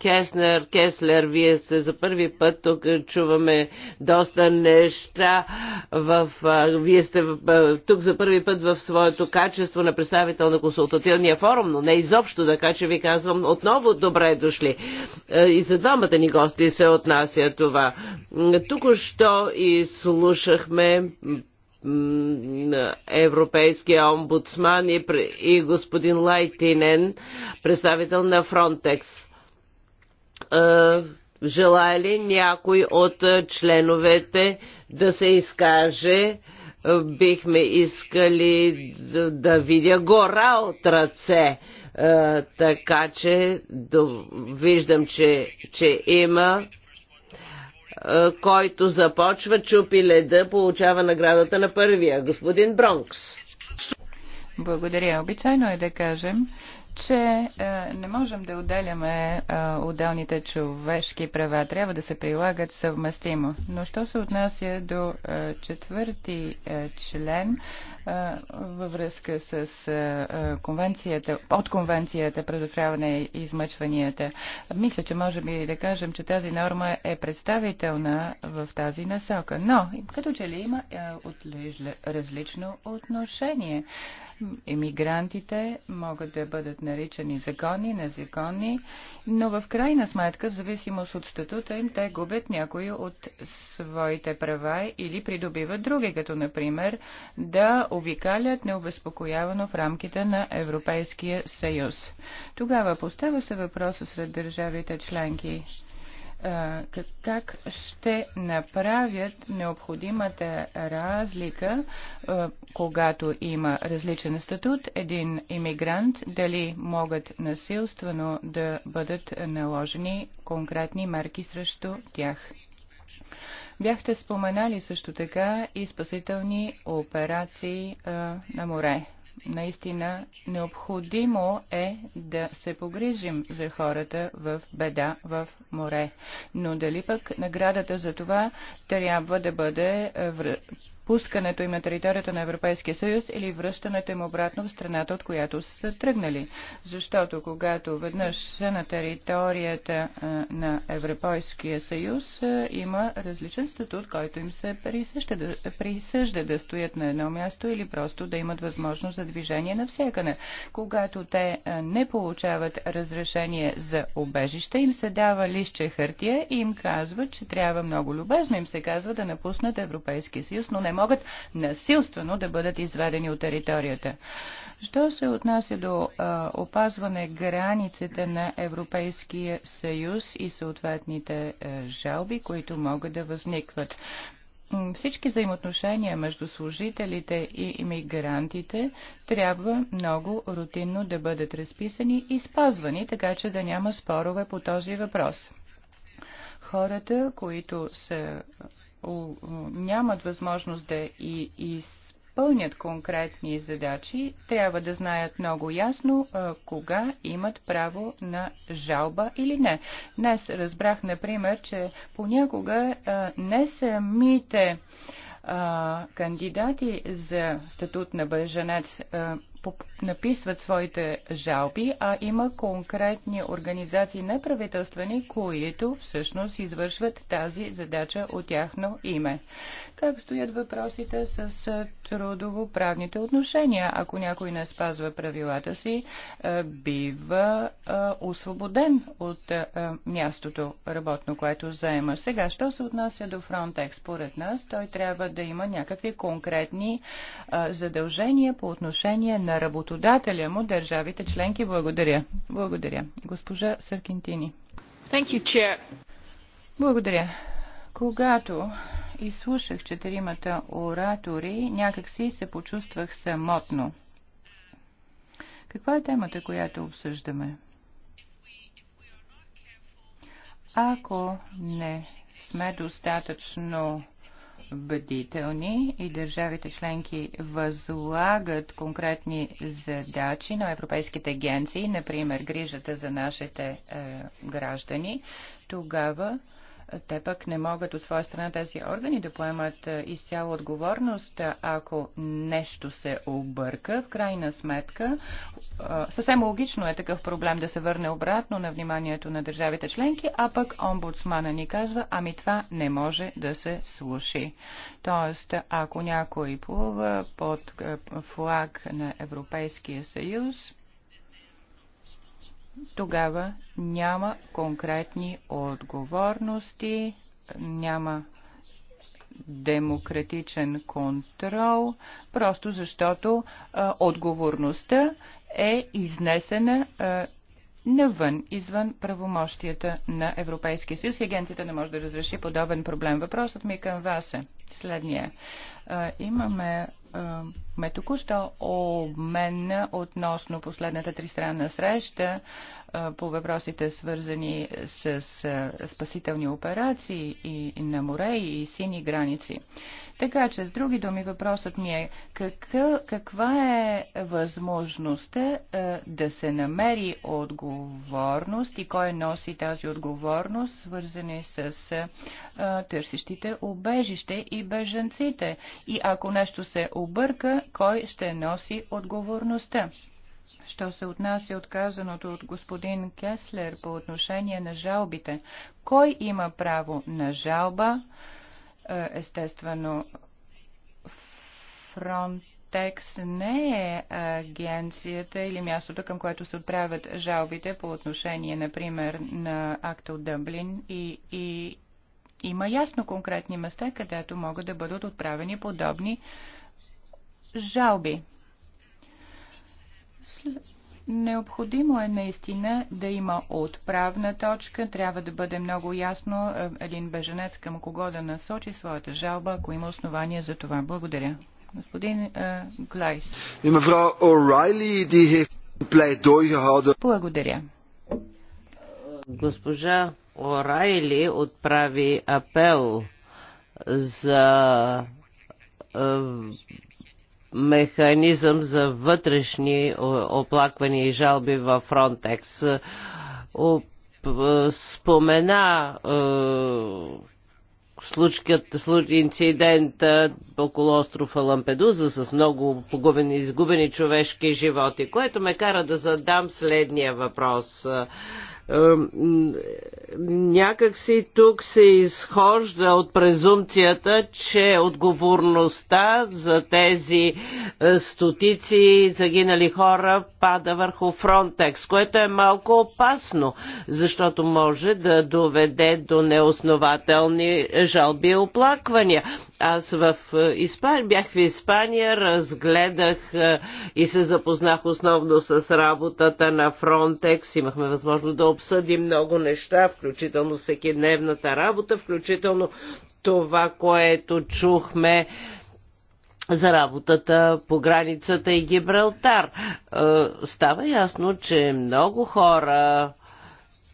Кеснер, Кеслер, вие сте за първи път тук, е, чуваме доста неща. В, а, вие сте а, тук за първи път в своето качество на представител на консултативния форум, но не изобщо, така че ви казвам отново добре дошли. Е, и за двамата ни гости се отнася това. тук що и слушахме Европейския омбудсман и, и господин Лайтинен, представител на Фронтекс Желая ли някой от членовете да се изкаже? Бихме искали да, да видя гора от ръце. Така че да, виждам, че, че има който започва чупи леда, получава наградата на първия, господин Бронкс. Благодаря. Обичайно е да кажем, че е, не можем да отделяме е, отделните човешки права. Трябва да се прилагат съвместимо. Но що се отнася до е, четвърти е, член е, във връзка с е, е конвенцията, от конвенцията предотвряване и измъчванията, мисля, че можем и да кажем, че тази норма е представителна в тази насока. Но, като че ли има е, отлежля, различно отношение. Емигрантите могат да бъдат наричани законни, незаконни, но в крайна сметка, в зависимост от статута им, те губят някои от своите права или придобиват други, като например да обикалят необезпокоявано в рамките на Европейския съюз. Тогава постава се въпроса сред държавите членки как ще направят необходимата разлика, когато има различен статут, един иммигрант, дали могат насилствено да бъдат наложени конкретни мерки срещу тях. Бяхте споменали също така и спасителни операции на море наистина необходимо е да се погрижим за хората в беда в море. Но дали пък наградата за това трябва да бъде пускането им на територията на Европейския съюз или връщането им обратно в страната, от която са тръгнали. Защото когато веднъж са на територията на Европейския съюз, има различен статут, който им се присъжда да, присъжда да стоят на едно място или просто да имат възможност за движение навсякъде. Когато те не получават разрешение за обежище, им се дава лище хартия и им казва, че трябва много любезно им се казва да напуснат Европейския съюз, но не могат насилствено да бъдат изведени от територията. Що се отнася до а, опазване границите на Европейския съюз и съответните а, жалби, които могат да възникват? Всички взаимоотношения между служителите и иммигрантите трябва много рутинно да бъдат разписани и спазвани, така че да няма спорове по този въпрос хората, които са нямат възможност да и изпълнят конкретни задачи, трябва да знаят много ясно кога имат право на жалба или не. Днес разбрах, например, че понякога не самите кандидати за статут на Бъженец написват своите жалби, а има конкретни организации неправителствени, които всъщност извършват тази задача от тяхно име. Как стоят въпросите с трудово-правните отношения. Ако някой не спазва правилата си, е, бива е, освободен от е, мястото работно, което заема. Сега, що се отнася до Frontex? Поред нас той трябва да има някакви конкретни задължения по отношение на работодателя му, държавите членки. Благодаря. Благодаря. Госпожа Саркинтини. Thank you, Chair. Благодаря. Когато изслушах четиримата оратори, някакси се почувствах самотно. Каква е темата, която обсъждаме? Ако не сме достатъчно бдителни и държавите членки възлагат конкретни задачи на европейските агенции, например грижата за нашите е, граждани, тогава те пък не могат от своя страна тези органи да поемат е, изцяло отговорност, е, ако нещо се обърка. В крайна сметка, е, съвсем логично е такъв проблем да се върне обратно на вниманието на държавите членки, а пък омбудсмана ни казва, ами това не може да се слуши. Тоест, ако някой плува под флаг на Европейския съюз, тогава няма конкретни отговорности, няма демократичен контрол, просто защото а, отговорността е изнесена а, навън, извън правомощията на Европейския съюз. Агенцията не може да разреши подобен проблем. Въпросът ми към вас е следния. Имаме ме току-що обмен относно последната тристранна среща по въпросите свързани с спасителни операции и на море и сини граници. Така че, с други думи, въпросът ми е каква е възможността да се намери отговорност и кой носи тази отговорност, свързани с търсещите обежище и беженците. И ако нещо се обърка, кой ще носи отговорността? Що се отнася от казаното от господин Кеслер по отношение на жалбите? Кой има право на жалба? Е, естествено, фронт не е агенцията или мястото, към което се отправят жалбите по отношение, например, на акта от Дъблин и, и има ясно конкретни места, където могат да бъдат отправени подобни жалби. Необходимо е наистина да има отправна точка. Трябва да бъде много ясно е, един беженец към кого да насочи своята жалба, ако има основания за това. Благодаря. Господин е, Глайс. Благодаря. Госпожа Орайли отправи апел за е, механизъм за вътрешни е, оплаквания и жалби във Фронтекс. Спомена е, случката, инцидента около острова Лампедуза с много погубени, изгубени човешки животи, което ме кара да задам следния въпрос. Някак си тук се изхожда от презумцията, че отговорността за тези е, стотици загинали хора пада върху Фронтекс, което е малко опасно, защото може да доведе до неоснователни жалби и оплаквания. Аз в е, Испания, бях в Испания, разгледах е, и се запознах основно с работата на Фронтекс. Имахме възможност да обсъдим много неща, включително всекидневната работа, включително това, което чухме за работата по границата и Гибралтар. Е, става ясно, че много хора,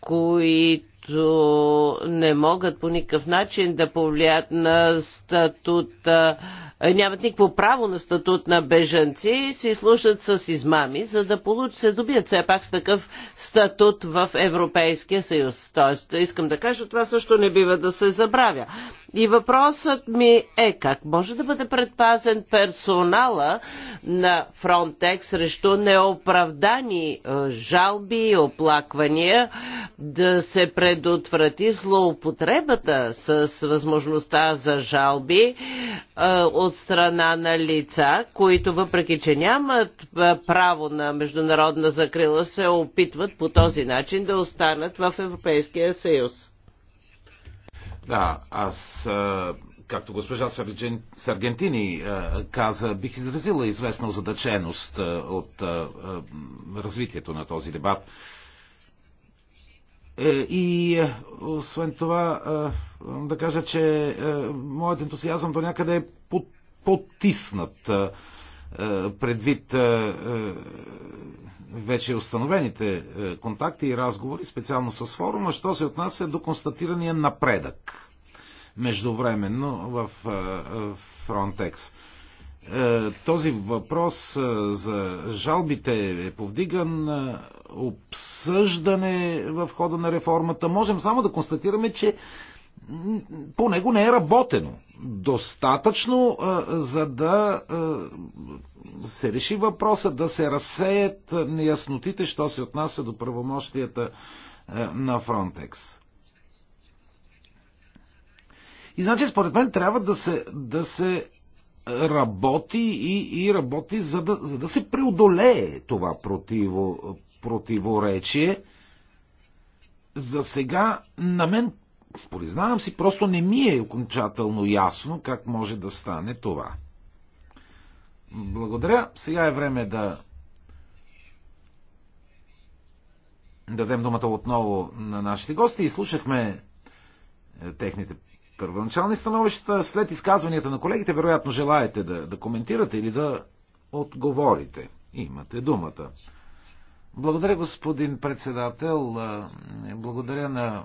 които които не могат по никакъв начин да повлият на статута е, нямат никакво право на статут на бежанци, се слушат с измами, за да получ, се добият все пак с такъв статут в Европейския съюз. Тоест, искам да кажа, това също не бива да се забравя. И въпросът ми е как може да бъде предпазен персонала на Frontex срещу неоправдани е, жалби и оплаквания, да се предотврати злоупотребата с възможността за жалби е, от от страна на лица, които въпреки, че нямат право на международна закрила, се опитват по този начин да останат в Европейския съюз. Да, аз както госпожа Саргентини каза, бих изразила известна озадаченост от развитието на този дебат. Е, и освен това, да кажа, че моят ентусиазъм до някъде е потиснат предвид вече установените контакти и разговори, специално с форума, що се отнася до констатирания напредък междувременно в Frontex. Този въпрос за жалбите е повдиган, обсъждане в хода на реформата. Можем само да констатираме, че по него не е работено достатъчно, за да се реши въпроса, да се разсеят неяснотите, що се отнася до правомощията на Фронтекс. И значи, според мен, трябва да се, да се работи и, и работи, за да, за да се преодолее това противо, противоречие. За сега на мен признавам си, просто не ми е окончателно ясно как може да стане това. Благодаря. Сега е време да дадем думата отново на нашите гости. Изслушахме е, техните първоначални становища. След изказванията на колегите, вероятно желаете да, да коментирате или да отговорите. Имате думата. Благодаря, господин председател. Благодаря на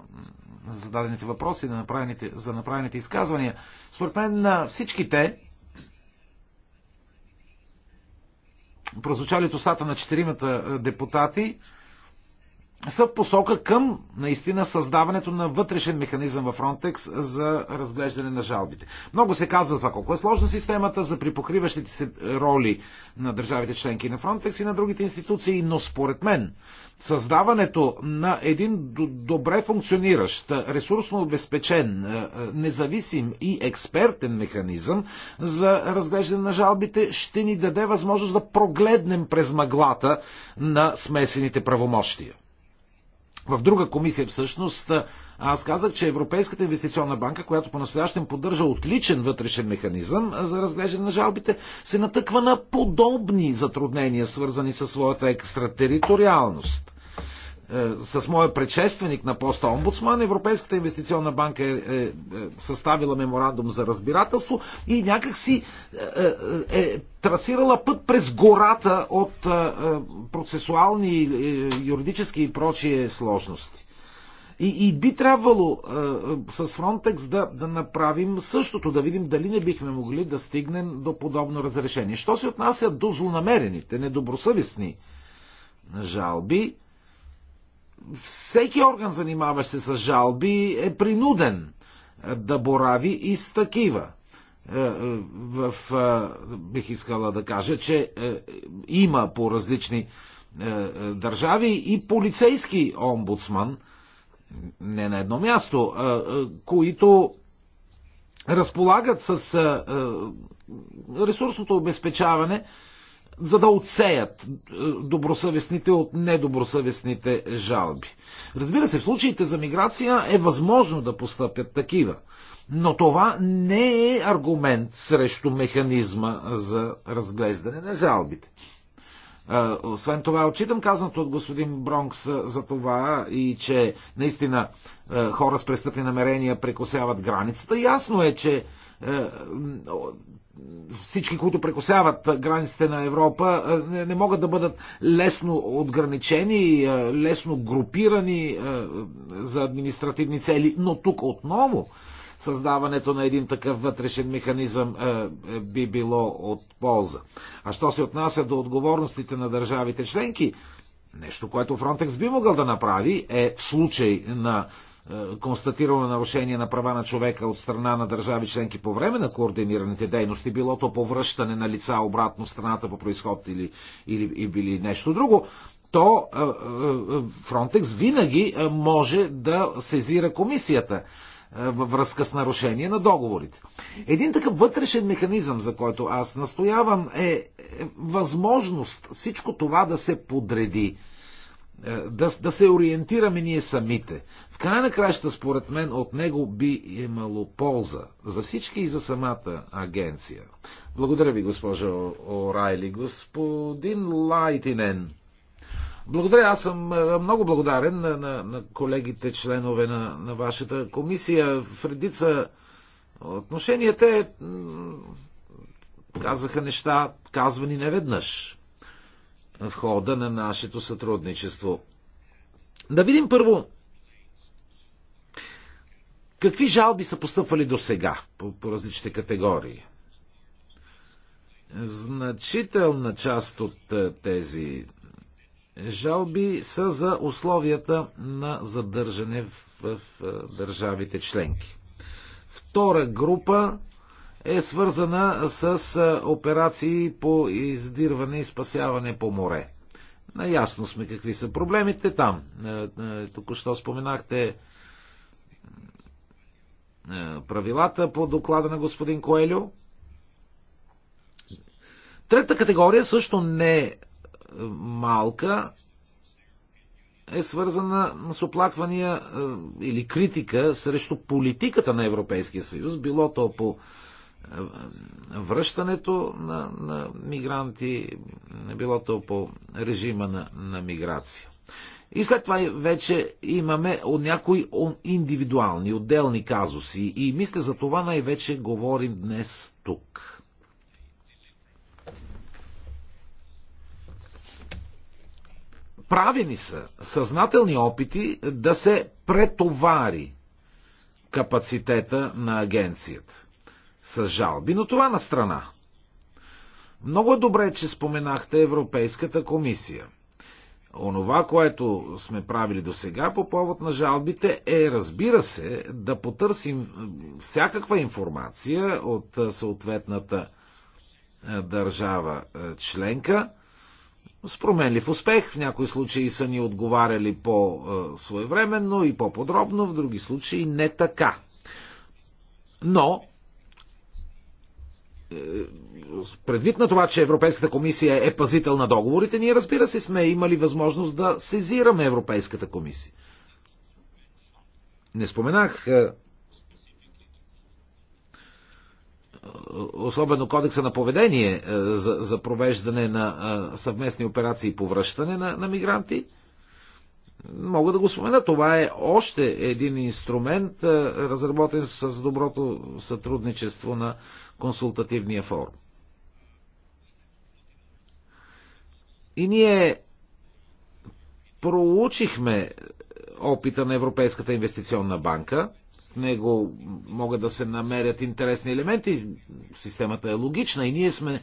зададените въпроси, на направените, за направените изказвания. Според мен на всички те прозвучали от устата на четиримата депутати, са в посока към наистина създаването на вътрешен механизъм в Frontex за разглеждане на жалбите. Много се казва това колко е сложна системата за припокриващите се роли на държавите членки на Frontex и на другите институции, но според мен създаването на един добре функциониращ, ресурсно обезпечен, е, е, независим и експертен механизъм за разглеждане на жалбите ще ни даде възможност да прогледнем през мъглата на смесените правомощия в друга комисия всъщност аз казах, че Европейската инвестиционна банка, която по-настоящем поддържа отличен вътрешен механизъм за разглеждане на жалбите, се натъква на подобни затруднения, свързани със своята екстратериториалност. Е, с моя предшественик на поста омбудсман, Европейската инвестиционна банка е, е, е съставила меморандум за разбирателство и някакси е, е, е трасирала път през гората от е, е, процесуални, е, юридически и прочие сложности. И, и би трябвало е, с Фронтекс да, да направим същото, да видим дали не бихме могли да стигнем до подобно разрешение. Що се отнася до злонамерените, недобросъвестни жалби, всеки орган, занимаващ се с жалби, е принуден да борави и с такива. Е, е, в, е, бих искала да кажа, че има по различни държави и полицейски омбудсман, не на едно място, които разполагат с ресурсното обезпечаване за да отсеят е, добросъвестните от недобросъвестните жалби. Разбира се, в случаите за миграция е възможно да постъпят такива, но това не е аргумент срещу механизма за разглеждане на жалбите. Е, освен това, отчитам казаното от господин Бронкс за това и че наистина е, хора с престъпни намерения прекосяват границата. Ясно е, че всички, които прекосяват границите на Европа, не могат да бъдат лесно отграничени, лесно групирани за административни цели. Но тук отново създаването на един такъв вътрешен механизъм е, би било от полза. А що се отнася до отговорностите на държавите членки, нещо, което Фронтекс би могъл да направи, е в случай на е, констатирано нарушение на права на човека от страна на държави членки по време на координираните дейности, било то повръщане на лица обратно в страната по происход или, или, или нещо друго, то е, е, Фронтекс винаги може да сезира комисията във връзка с нарушение на договорите. Един такъв вътрешен механизъм, за който аз настоявам, е възможност всичко това да се подреди е, да, да се ориентираме ние самите. В края на краща, според мен, от него би имало полза за всички и за самата агенция. Благодаря ви, госпожо Орайли. Господин Лайтинен. Благодаря, аз съм е, много благодарен на, на, на колегите, членове на, на вашата комисия. В редица отношенията казаха неща, казвани неведнъж в хода на нашето сътрудничество. Да видим първо какви жалби са постъпвали до сега по, по различните категории. Значителна част от е, тези жалби са за условията на задържане в, в е, държавите членки. Втора група е свързана с операции по издирване и спасяване по море. Наясно сме какви са проблемите там. Е, е, току-що споменахте е, правилата по доклада на господин Коелю. Трета категория също не малка е свързана с оплаквания или критика срещу политиката на Европейския съюз, било то по връщането на, на мигранти, било то по режима на, на миграция. И след това вече имаме от някои индивидуални, отделни казуси. И мисля за това най-вече говорим днес тук. Правени са съзнателни опити да се претовари капацитета на агенцията с жалби. Но това на страна. Много е добре, че споменахте Европейската комисия. Онова, което сме правили до сега по повод на жалбите е, разбира се, да потърсим всякаква информация от съответната държава членка с променлив успех. В някои случаи са ни отговаряли по-своевременно и по-подробно, в други случаи не така. Но е, предвид на това, че Европейската комисия е пазител на договорите, ние разбира се сме имали възможност да сезираме Европейската комисия. Не споменах е, особено кодекса на поведение е, за, за провеждане на съвместни операции по връщане на, на мигранти – мога да го спомена. Това е още един инструмент, е, разработен с доброто сътрудничество на консултативния форум. И ние проучихме опита на Европейската инвестиционна банка. В него могат да се намерят интересни елементи. Системата е логична и ние сме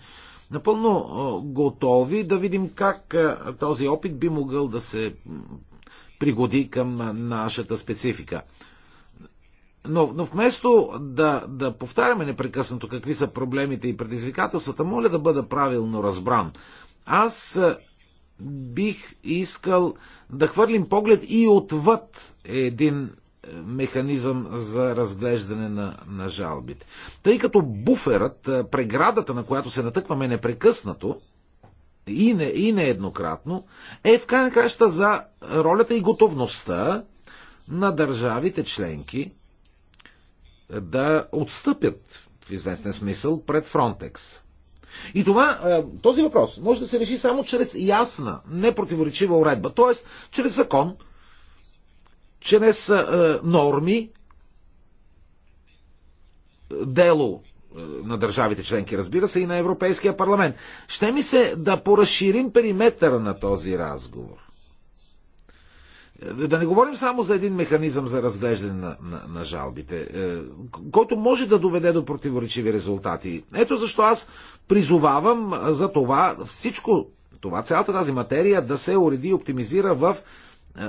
напълно е, готови да видим как е, този опит би могъл да се пригоди към нашата специфика. Но, но вместо да, да повтаряме непрекъснато какви са проблемите и предизвикателствата, моля да бъда правилно разбран. Аз бих искал да хвърлим поглед и отвъд един е, механизъм за разглеждане на, на жалбите. Тъй като буферът, преградата, на която се натъкваме непрекъснато, и, не, и нееднократно, е в крайна краща за ролята и готовността на държавите членки да отстъпят в известен смисъл пред Фронтекс. И това, е, този въпрос може да се реши само чрез ясна, непротиворечива уредба, т.е. чрез закон, чрез е, норми, дело е, на държавите членки, разбира се, и на Европейския парламент. Ще ми се да поразширим периметъра на този разговор. Е, да не говорим само за един механизъм за разглеждане на, на, на жалбите, е, който може да доведе до противоречиви резултати. Ето защо аз призовавам за това всичко, това цялата тази материя да се уреди и оптимизира в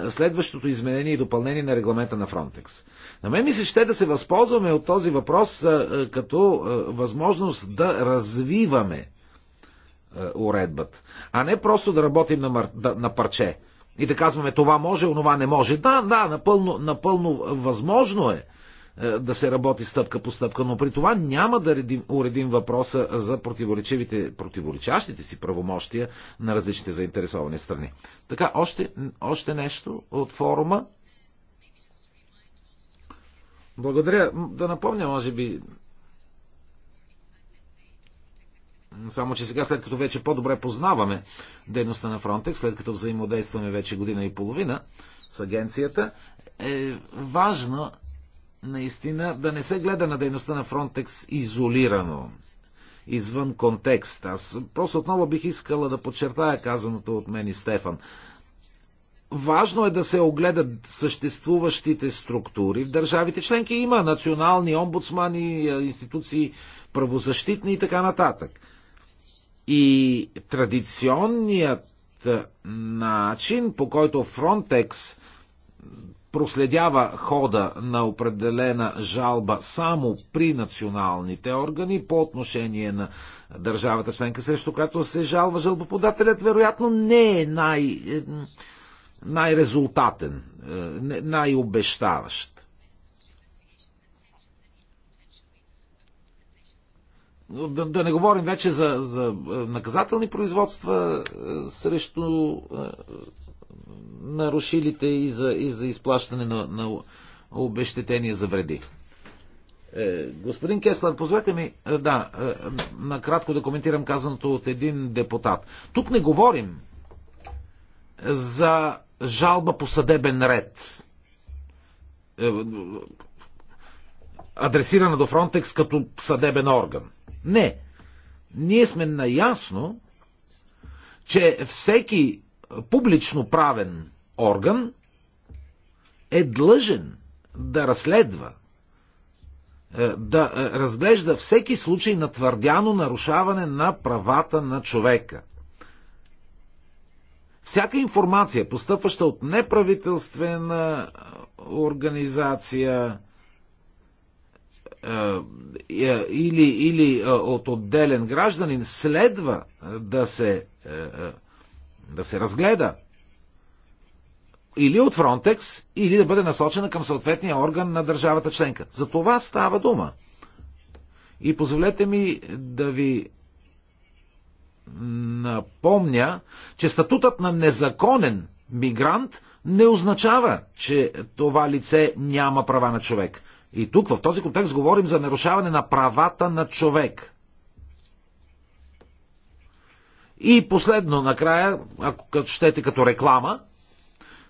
следващото изменение и допълнение на регламента на Фронтекс. На мен ми се ще да се възползваме от този въпрос като възможност да развиваме уредбата, а не просто да работим на, мар... на парче и да казваме това може, онова не може. Да, да, напълно, напълно възможно е е, да се работи стъпка по стъпка, но при това няма да редим, уредим въпроса за противоречивите, противоречащите си правомощия на различните заинтересовани страни. Така, още, още нещо от форума. Благодаря. Да напомня, може би, Само, че сега, след като вече по-добре познаваме дейността на Фронтекс, след като взаимодействаме вече година и половина с агенцията, е важно наистина да не се гледа на дейността на Фронтекс изолирано, извън контекст. Аз просто отново бих искала да подчертая казаното от мен и Стефан. Важно е да се огледат съществуващите структури. В държавите членки има национални омбудсмани, институции, правозащитни и така нататък. И традиционният начин, по който Фронтекс проследява хода на определена жалба само при националните органи по отношение на държавата членка, срещу която се жалва жалбоподателят, вероятно не е най, е, най-резултатен, е, най-обещаващ. Да, да не говорим вече за, за е, наказателни производства срещу нарушилите и за, и за изплащане на, на обещетения за вреди. Е, господин Кеслер, позволете ми е, да, е, накратко да коментирам казаното от един депутат. Тук не говорим за жалба по съдебен ред, адресирана до Фронтекс като съдебен орган. Не. Ние сме наясно, че всеки публично-правен орган е длъжен да разследва, е, да е, разглежда всеки случай на твърдяно нарушаване на правата на човека. Всяка информация, постъпваща от неправителствена е, организация или, или от отделен гражданин, следва да се да се разгледа или от Фронтекс, или да бъде насочена към съответния орган на държавата членка. За това става дума. И позволете ми да ви напомня, че статутът на незаконен мигрант не означава, че това лице няма права на човек. И тук в този контекст говорим за нарушаване на правата на човек. И последно, накрая, ако като щете като реклама,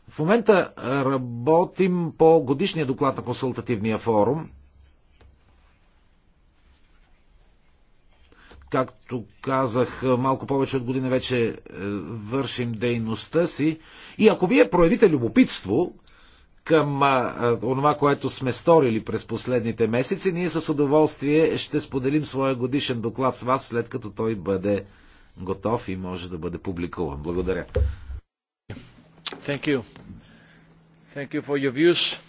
в момента работим по годишния доклад на консултативния форум. Както казах, малко повече от година вече е, вършим дейността си. И ако вие проявите любопитство, към това, е, е, което сме сторили през последните месеци, ние с удоволствие ще споделим своя годишен доклад с вас, след като той бъде готов и може да бъде публикуван. Благодаря. Thank you. Thank you for your views.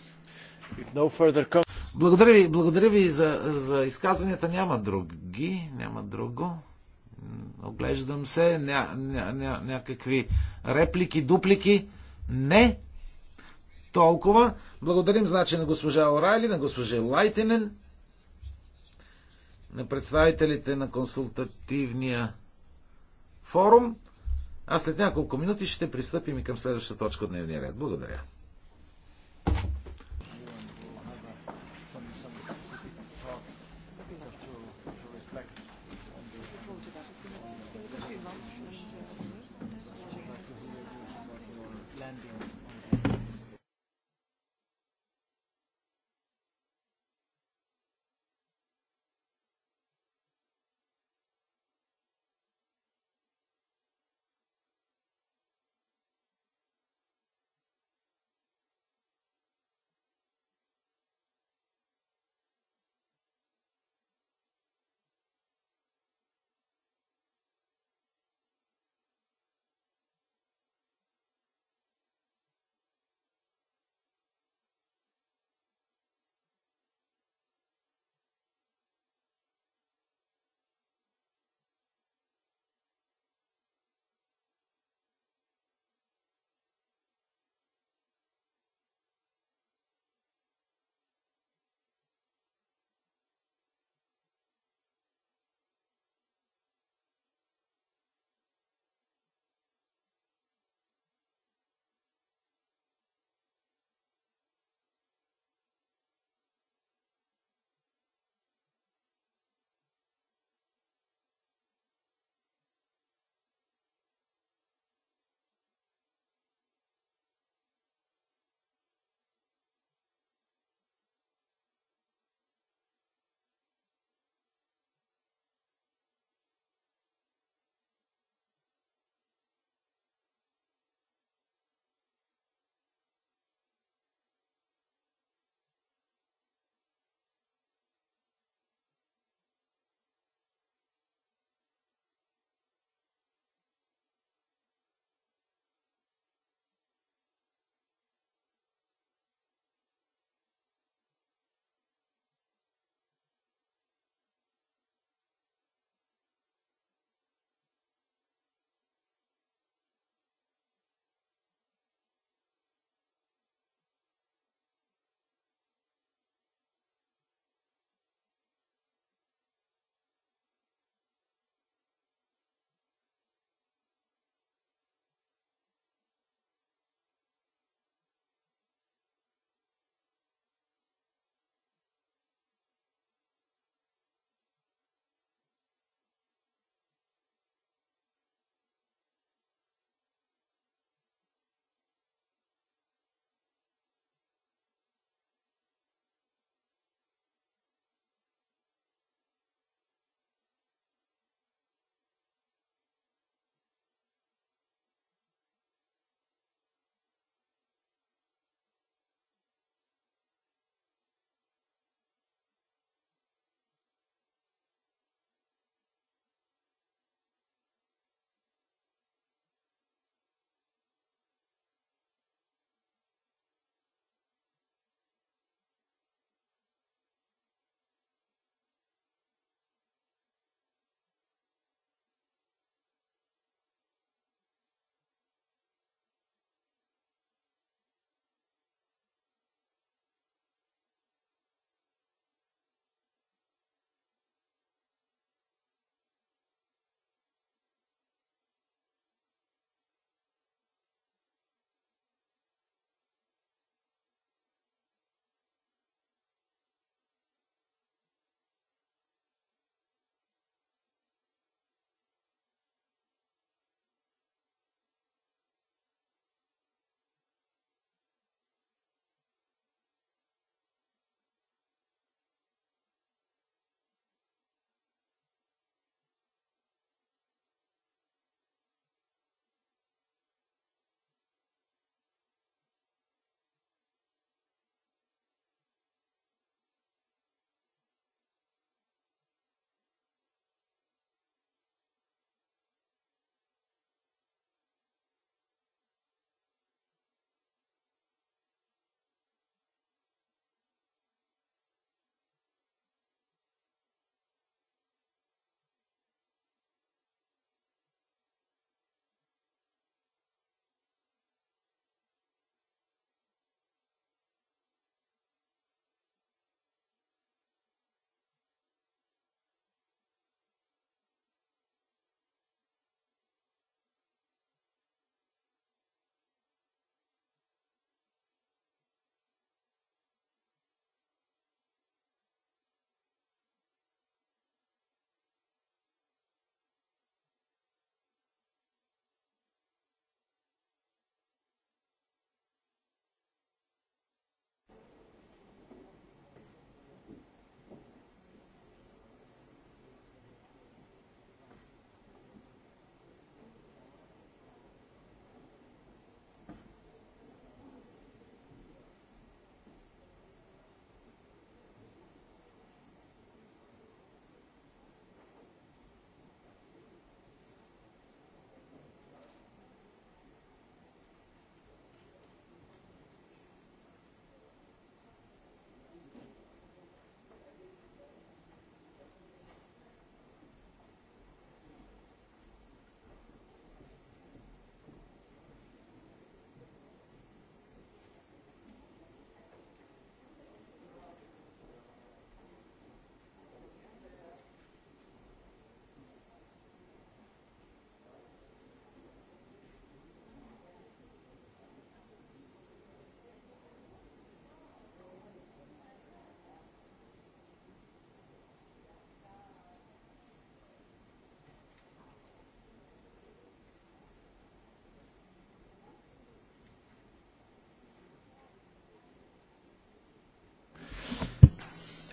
If no further... Благодаря ви, благодаря ви за, за изказванията. Няма други, няма друго. Оглеждам се, ня, ня, ня, някакви реплики, дуплики. Не. Толкова. Благодарим, значи, на госпожа Орайли, на госпожа Лайтенен, на представителите на консултативния форум. А след няколко минути ще пристъпим и към следващата точка от дневния ред. Благодаря.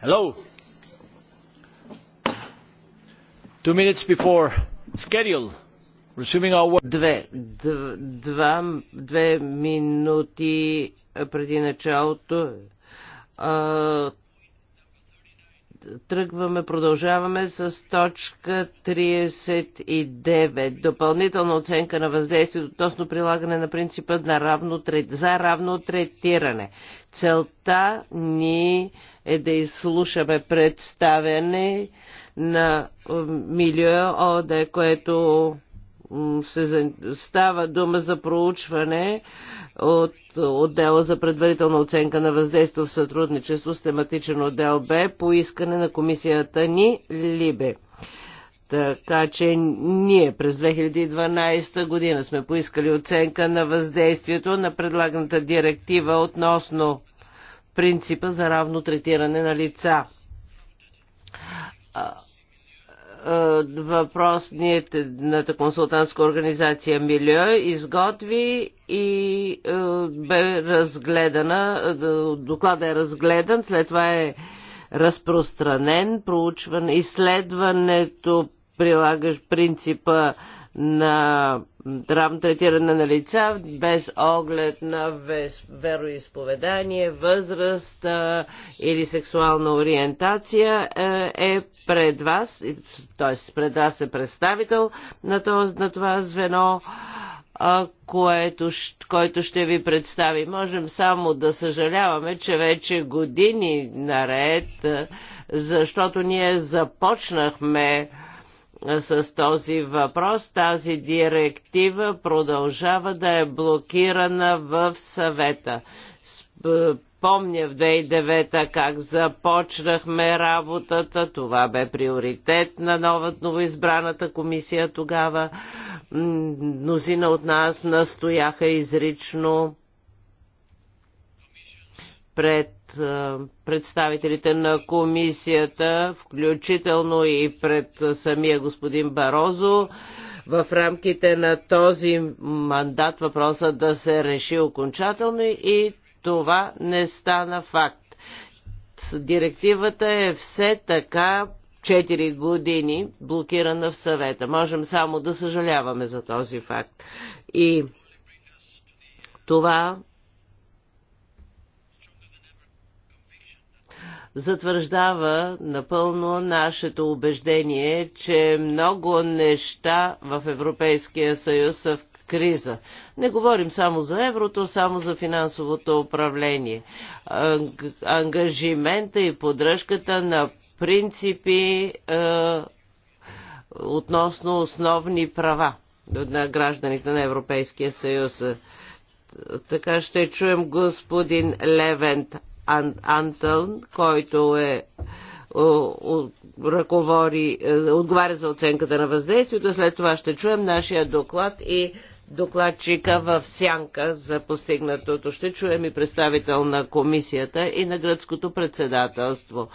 Hello. Two minutes before schedule. Resuming our work. Две, два, две минути преди началото тръгваме, продължаваме с точка 39. Допълнителна оценка на въздействието относно прилагане на принципа на равно, за равно третиране. Целта ни е да изслушаме представяне на милио ОД, което се става дума за проучване от отдела за предварителна оценка на въздействие в сътрудничество с тематичен отдел Б по искане на комисията ни Либе. Така че ние през 2012 година сме поискали оценка на въздействието на предлаганата директива относно принципа за равно третиране на лица е, въпросната консултантска организация Милио изготви и е, бе разгледана, е, доклада е разгледан, след това е разпространен, проучван, изследването прилагаш принципа на равно третиране на лица без оглед на вероисповедание, възраст или сексуална ориентация е пред вас, т.е. пред вас е представител на този на това звено което, който ще ви представи. Можем само да съжаляваме, че вече години наред, защото ние започнахме с този въпрос. Тази директива продължава да е блокирана в съвета. Помня в 2009 как започнахме работата. Това бе приоритет на новата новоизбраната комисия тогава. Мнозина от нас настояха изрично пред представителите на комисията, включително и пред самия господин Барозо, в рамките на този мандат въпроса да се реши окончателно и това не стана факт. Директивата е все така 4 години блокирана в съвета. Можем само да съжаляваме за този факт. И това затвърждава напълно нашето убеждение, че много неща в Европейския съюз са в криза. Не говорим само за еврото, само за финансовото управление. Ангажимента и поддръжката на принципи е, относно основни права на гражданите на Европейския съюз. Така ще чуем господин Левент Ан, Антън, който е ръководи, е, отговаря за оценката на въздействието. След това ще чуем нашия доклад и докладчика в сянка за постигнатото. Ще чуем и представител на комисията и на гръцкото председателство.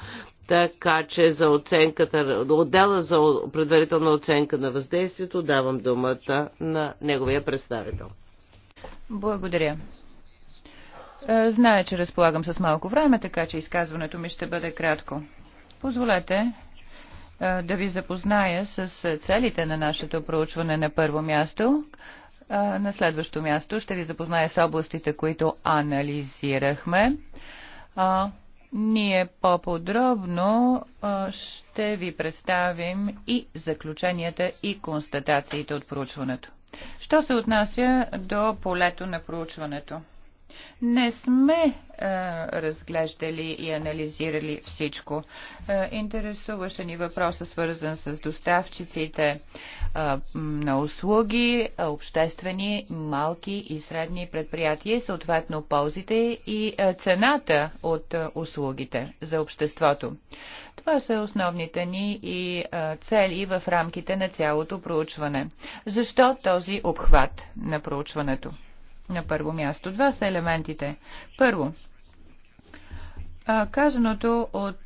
Така че за оценката, отдела за предварителна оценка на въздействието давам думата на неговия представител. Благодаря. Е, Зная, че разполагам с малко време, така че изказването ми ще бъде кратко. Позволете е, да ви запозная с е, целите на нашето проучване на първо място. На следващо място ще ви запозная с областите, които анализирахме. Ние по-подробно ще ви представим и заключенията и констатациите от проучването. Що се отнася до полето на проучването? Не сме е, разглеждали и анализирали всичко. Е, интересуваше ни въпроса, свързан с доставчиците е, на услуги, обществени, малки и средни предприятия, съответно ползите и е, цената от е, услугите за обществото. Това са основните ни и е, цели в рамките на цялото проучване. Защо този обхват на проучването? на първо място. Два са елементите. Първо, Казаното от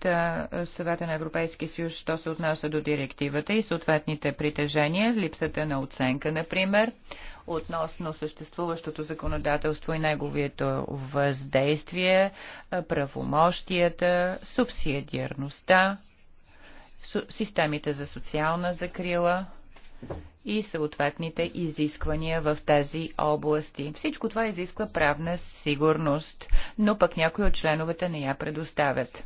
Съвета на Европейския съюз, що се отнася до директивата и съответните притежения, липсата на оценка, например, относно съществуващото законодателство и неговието въздействие, правомощията, субсидиарността, системите за социална закрила и съответните изисквания в тези области. Всичко това изисква правна сигурност, но пък някои от членовете не я предоставят.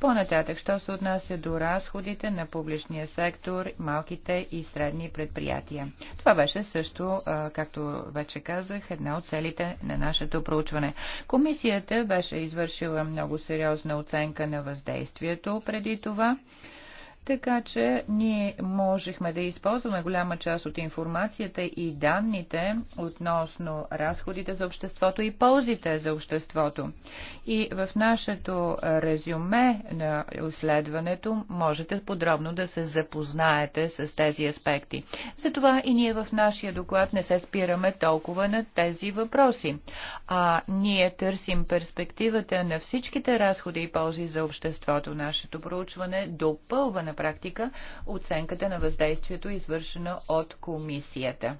По-нататък, що се отнася до разходите на публичния сектор, малките и средни предприятия. Това беше също, както вече казах, една от целите на нашето проучване. Комисията беше извършила много сериозна оценка на въздействието преди това така че ние можехме да използваме голяма част от информацията и данните относно разходите за обществото и ползите за обществото. И в нашето резюме на изследването можете подробно да се запознаете с тези аспекти. Затова и ние в нашия доклад не се спираме толкова на тези въпроси. А ние търсим перспективата на всичките разходи и ползи за обществото. Нашето проучване допълва на практика оценката на въздействието, извършена от комисията.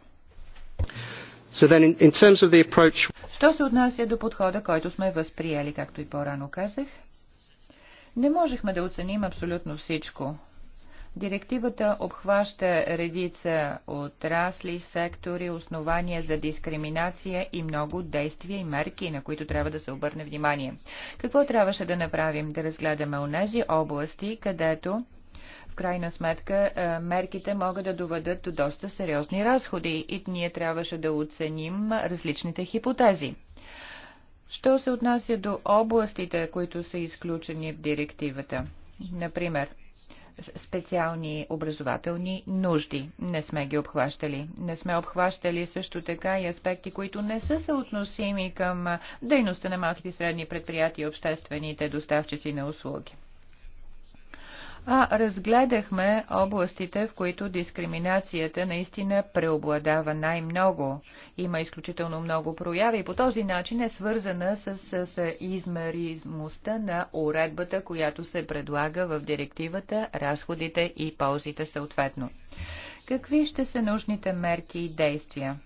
So then in, in terms of the approach... Що се отнася до подхода, който сме възприели, както и по-рано казах, не можехме да оценим абсолютно всичко. Директивата обхваща редица отрасли, сектори, основания за дискриминация и много действия и мерки, на които трябва да се обърне внимание. Какво трябваше да направим? Да разгледаме онези области, където крайна сметка е, мерките могат да доведат до доста сериозни разходи и ние трябваше да оценим различните хипотези. Що се отнася до областите, които са изключени в директивата? Например, специални образователни нужди. Не сме ги обхващали. Не сме обхващали също така и аспекти, които не са съотносими към дейността на малките и средни предприятия и обществените доставчици на услуги а разгледахме областите, в които дискриминацията наистина преобладава най-много. Има изключително много прояви и по този начин е свързана с, с, с измеримостта на уредбата, която се предлага в директивата, разходите и ползите съответно. Какви ще са нужните мерки и действия?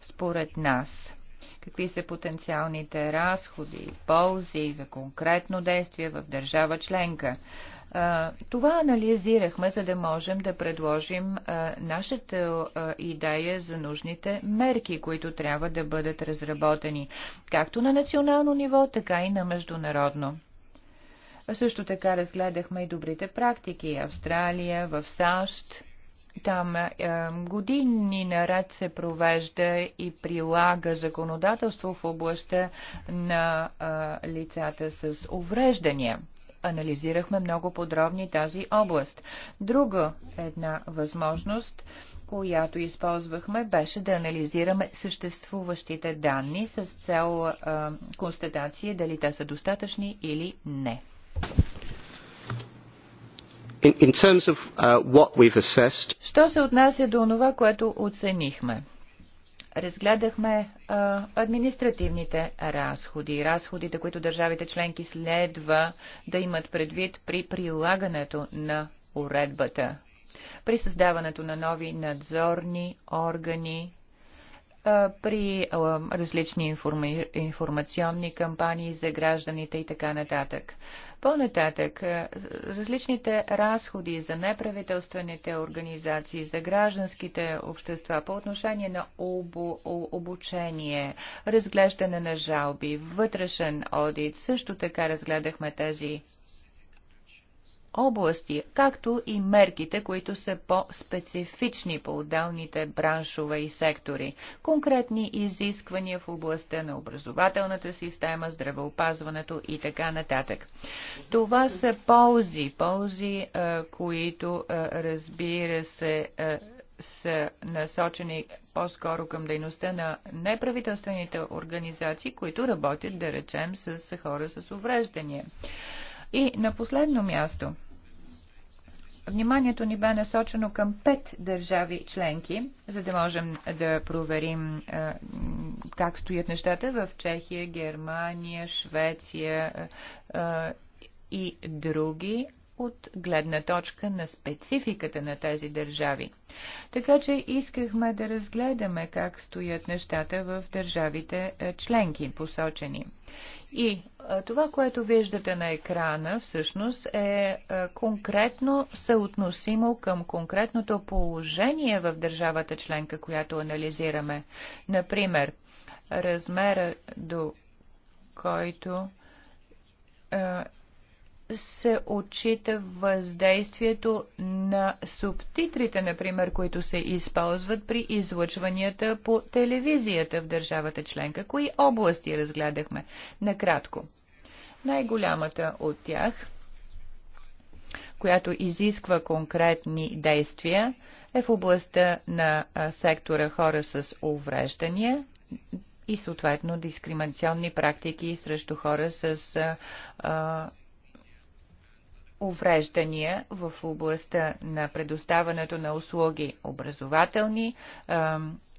Според нас, какви са потенциалните разходи и ползи за конкретно действие в държава членка? Това анализирахме, за да можем да предложим нашата идея за нужните мерки, които трябва да бъдат разработени, както на национално ниво, така и на международно. Също така разгледахме и добрите практики Австралия, в САЩ. Там е, години наред се провежда и прилага законодателство в областта на е, лицата с увреждания анализирахме много подробни тази област. Друга една възможност, която използвахме, беше да анализираме съществуващите данни с цел а, констатация дали те са достатъчни или не. In, in of, uh, assessed... Що се отнася до това, което оценихме? разгледахме а, административните разходи, разходите, които държавите членки следва да имат предвид при прилагането на уредбата, при създаването на нови надзорни органи при различни информационни кампании за гражданите и така нататък. По-нататък, различните разходи за неправителствените организации, за гражданските общества по отношение на обо, обучение, разглеждане на жалби, вътрешен одит, също така разгледахме тези области, както и мерките, които са по-специфични по отделните браншове и сектори, конкретни изисквания в областта на образователната система, здравеопазването и така нататък. Това са ползи, ползи, които, разбира се, са насочени по-скоро към дейността на неправителствените организации, които работят, да речем, с хора с увреждания. И на последно място – Вниманието ни бе насочено към пет държави членки, за да можем да проверим а, е, как стоят нещата в Чехия, Германия, Швеция а, е, е, и други от гледна точка на спецификата на тези държави. Така че искахме да разгледаме как стоят нещата в държавите членки посочени. И това, което виждате на екрана, всъщност е конкретно съотносимо към конкретното положение в държавата членка, която анализираме. Например, размера до който се отчита въздействието на субтитрите, например, които се използват при излъчванията по телевизията в държавата членка? Кои области разгледахме? Накратко. Най-голямата от тях, която изисква конкретни действия, е в областта на сектора хора с увреждания и съответно дискриминационни практики срещу хора с а, увреждания в областта на предоставането на услуги образователни,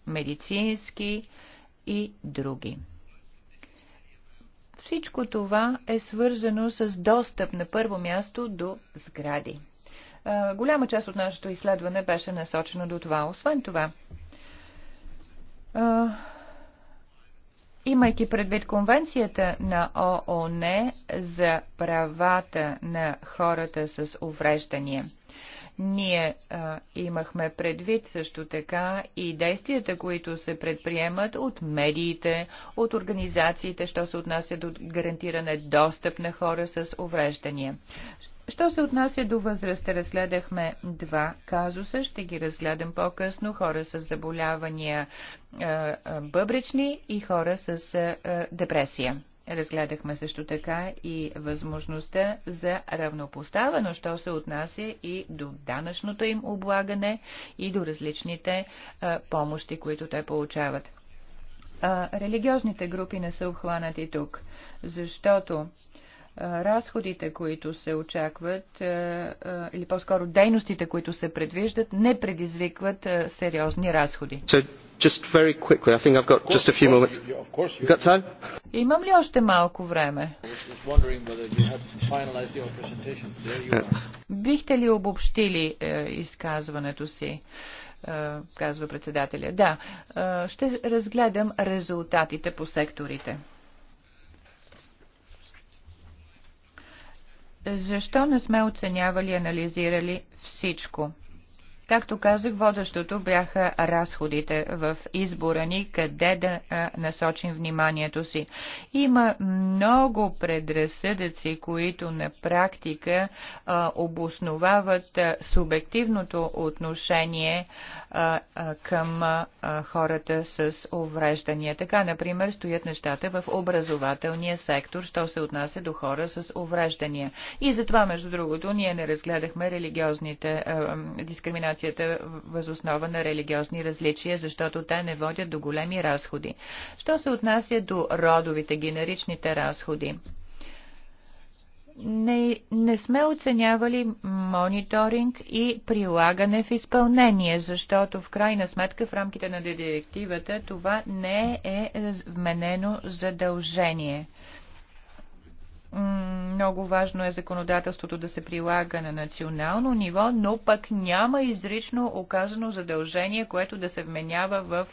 медицински и други. Всичко това е свързано с достъп на първо място до сгради. Голяма част от нашето изследване беше насочено до това. Освен това, Имайки предвид конвенцията на ООН за правата на хората с увреждания. Ние а, имахме предвид също така и действията, които се предприемат от медиите, от организациите, що се отнася до гарантиране достъп на хора с увреждания. Що се отнася до възрастта, разгледахме два казуса, ще ги разгледам по-късно, хора с заболявания е, е, бъбречни и хора с е, депресия. Разгледахме също така и възможността за равнопоставено, що се отнася и до данъчното им облагане и до различните а, помощи, които те получават. А, религиозните групи не са обхванати тук, защото разходите, които се очакват, е, е, или по-скоро дейностите, които се предвиждат, не предизвикват е, сериозни разходи. Имам ли още малко време? Бихте ли обобщили изказването си? казва председателя. Да, ще разгледам резултатите по секторите. Защо не сме оценявали и анализирали всичко? Както казах, водещото бяха разходите в избора ни, къде да насочим вниманието си. Има много предразсъдъци, които на практика а, обосновават субективното отношение а, а, към хората с увреждания. Така, например, стоят нещата в образователния сектор, що се отнася до хора с увреждания. И затова, между другото, ние не разгледахме религиозните дискриминации дискриминацията възоснова на религиозни различия, защото те не водят до големи разходи. Що се отнася до родовите, генеричните разходи? не, не сме оценявали мониторинг и прилагане в изпълнение, защото в крайна сметка в рамките на директивата това не е вменено задължение много важно е законодателството да се прилага на национално ниво, но пък няма изрично оказано задължение, което да се вменява в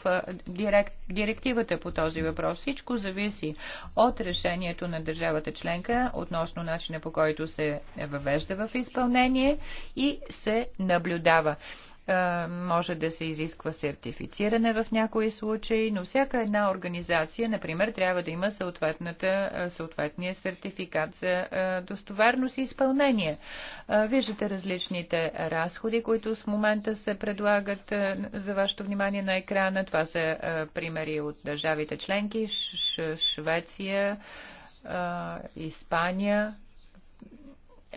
директ, директивата по този въпрос. Всичко зависи от решението на държавата членка относно начина по който се въвежда в изпълнение и се наблюдава. Е, може да се изисква сертифициране в някои случаи, но всяка една организация, например, трябва да има е, съответния сертификат за е, достоверност и изпълнение. Виждате различните разходи, които с момента се предлагат за вашето внимание на екрана. Това са примери от държавите членки, Швеция, Испания,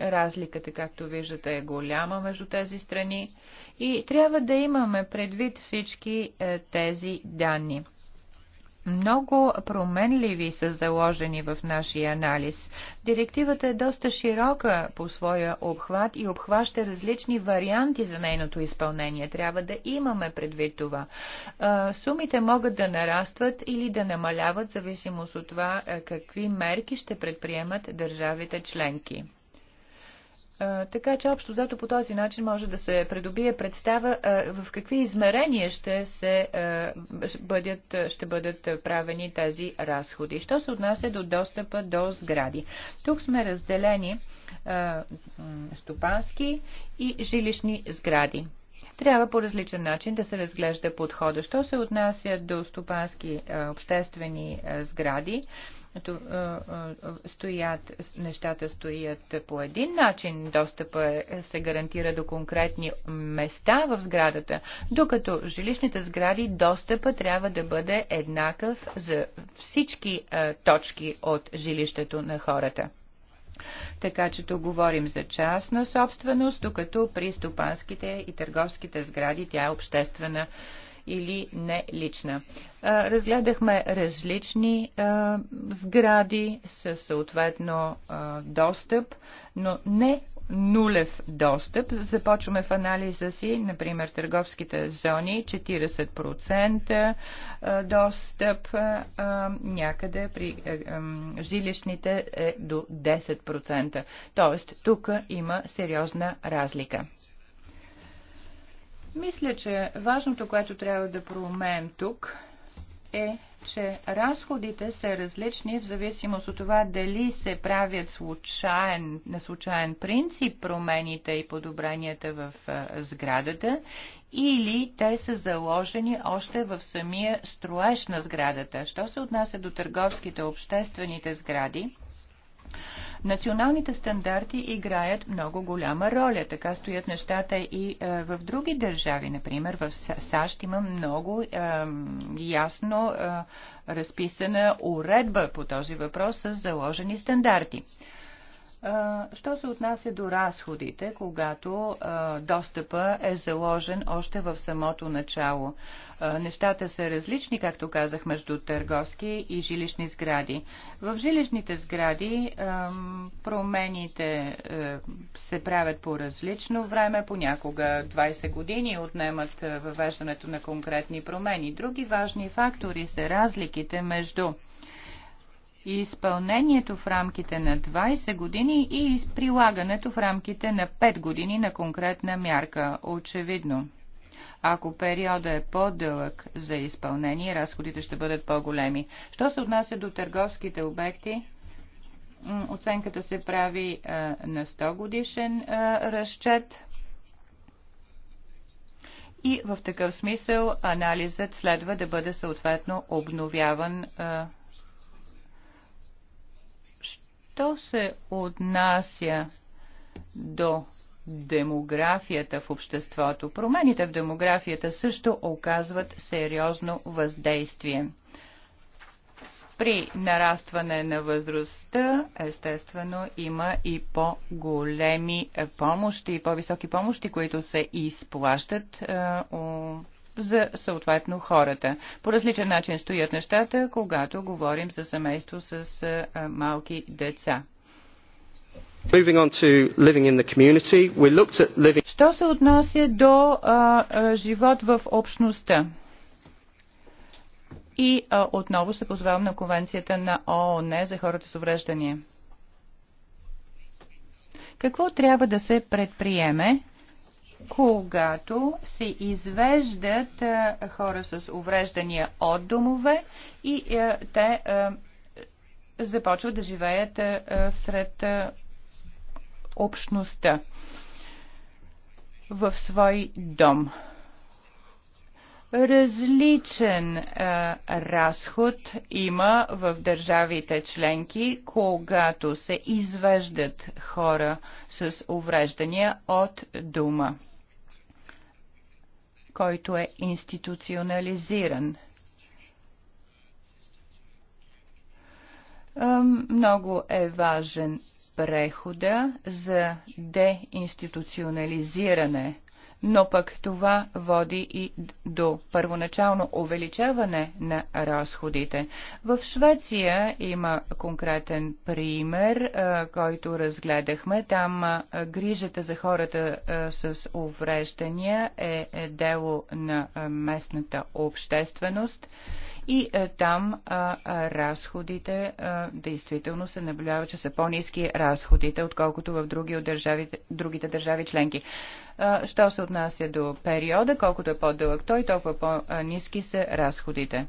Разликата, както виждате, е голяма между тези страни и трябва да имаме предвид всички е, тези данни. Много променливи са заложени в нашия анализ. Директивата е доста широка по своя обхват и обхваща различни варианти за нейното изпълнение. Трябва да имаме предвид това. Е, сумите могат да нарастват или да намаляват, зависимост от това е, какви мерки ще предприемат държавите членки. Така че общо зато по този начин може да се придобие представа в какви измерения ще, се, бъдят, ще бъдат правени тези разходи. Що се отнася до достъпа до сгради? Тук сме разделени стопански и жилищни сгради. Трябва по различен начин да се разглежда подхода. Що се отнася до стопански обществени сгради, стоят, нещата стоят по един начин, достъпа е, се гарантира до конкретни места в сградата, докато жилищните сгради достъпа трябва да бъде еднакъв за всички точки от жилището на хората. Така че тук говорим за частна собственост, докато при стопанските и търговските сгради тя е обществена собственост или не лична. Разгледахме различни сгради с съответно достъп, но не нулев достъп. Започваме в анализа си, например, търговските зони 40% достъп, някъде при жилищните е до 10%. Тоест, тук има сериозна разлика. Мисля, че важното, което трябва да проумеем тук е, че разходите са различни в зависимост от това дали се правят случайен, на случайен принцип промените и подобренията в сградата или те са заложени още в самия строеж на сградата. Що се отнася до търговските обществените сгради, Националните стандарти играят много голяма роля. Така стоят нещата и е, в други държави. Например, в САЩ има много е, ясно е, разписана уредба по този въпрос с заложени стандарти. Що се отнася до разходите, когато достъпа е заложен още в самото начало? Нещата са различни, както казах, между търговски и жилищни сгради. В жилищните сгради промените е, се правят по различно време, понякога 20 години отнемат е, въвеждането на конкретни промени. Други важни фактори са разликите между изпълнението в рамките на 20 години и прилагането в рамките на 5 години на конкретна мярка. Очевидно. Ако периода е по-дълъг за изпълнение, разходите ще бъдат по-големи. Що се отнася до търговските обекти? Оценката се прави на 100 годишен разчет. И в такъв смисъл анализът следва да бъде съответно обновяван Що се отнася до демографията в обществото. Промените в демографията също оказват сериозно въздействие. При нарастване на възрастта, естествено, има и по-големи помощи и по-високи помощи, които се изплащат е, за съответно хората. По различен начин стоят нещата, когато говорим за семейство с малки деца. Що се отнася до а, а, живот в общността? И а, отново се позвавам на конвенцията на ООН за хората с увреждания. Какво трябва да се предприеме, когато се извеждат хора с увреждания от домове и те започват да живеят сред общността в свой дом. Различен а, разход има в държавите членки, когато се извеждат хора с увреждания от дума който е институционализиран. Много е важен прехода за деинституционализиране но пък това води и до първоначално увеличаване на разходите. В Швеция има конкретен пример, който разгледахме. Там грижата за хората с увреждания е, е дело на местната общественост и е, там а, а, разходите а, действително се наблюдава, че са по-низки разходите, отколкото в други от държавите, другите държави членки. А, що се отнася до периода, колкото е по-дълъг той, толкова по-низки са разходите.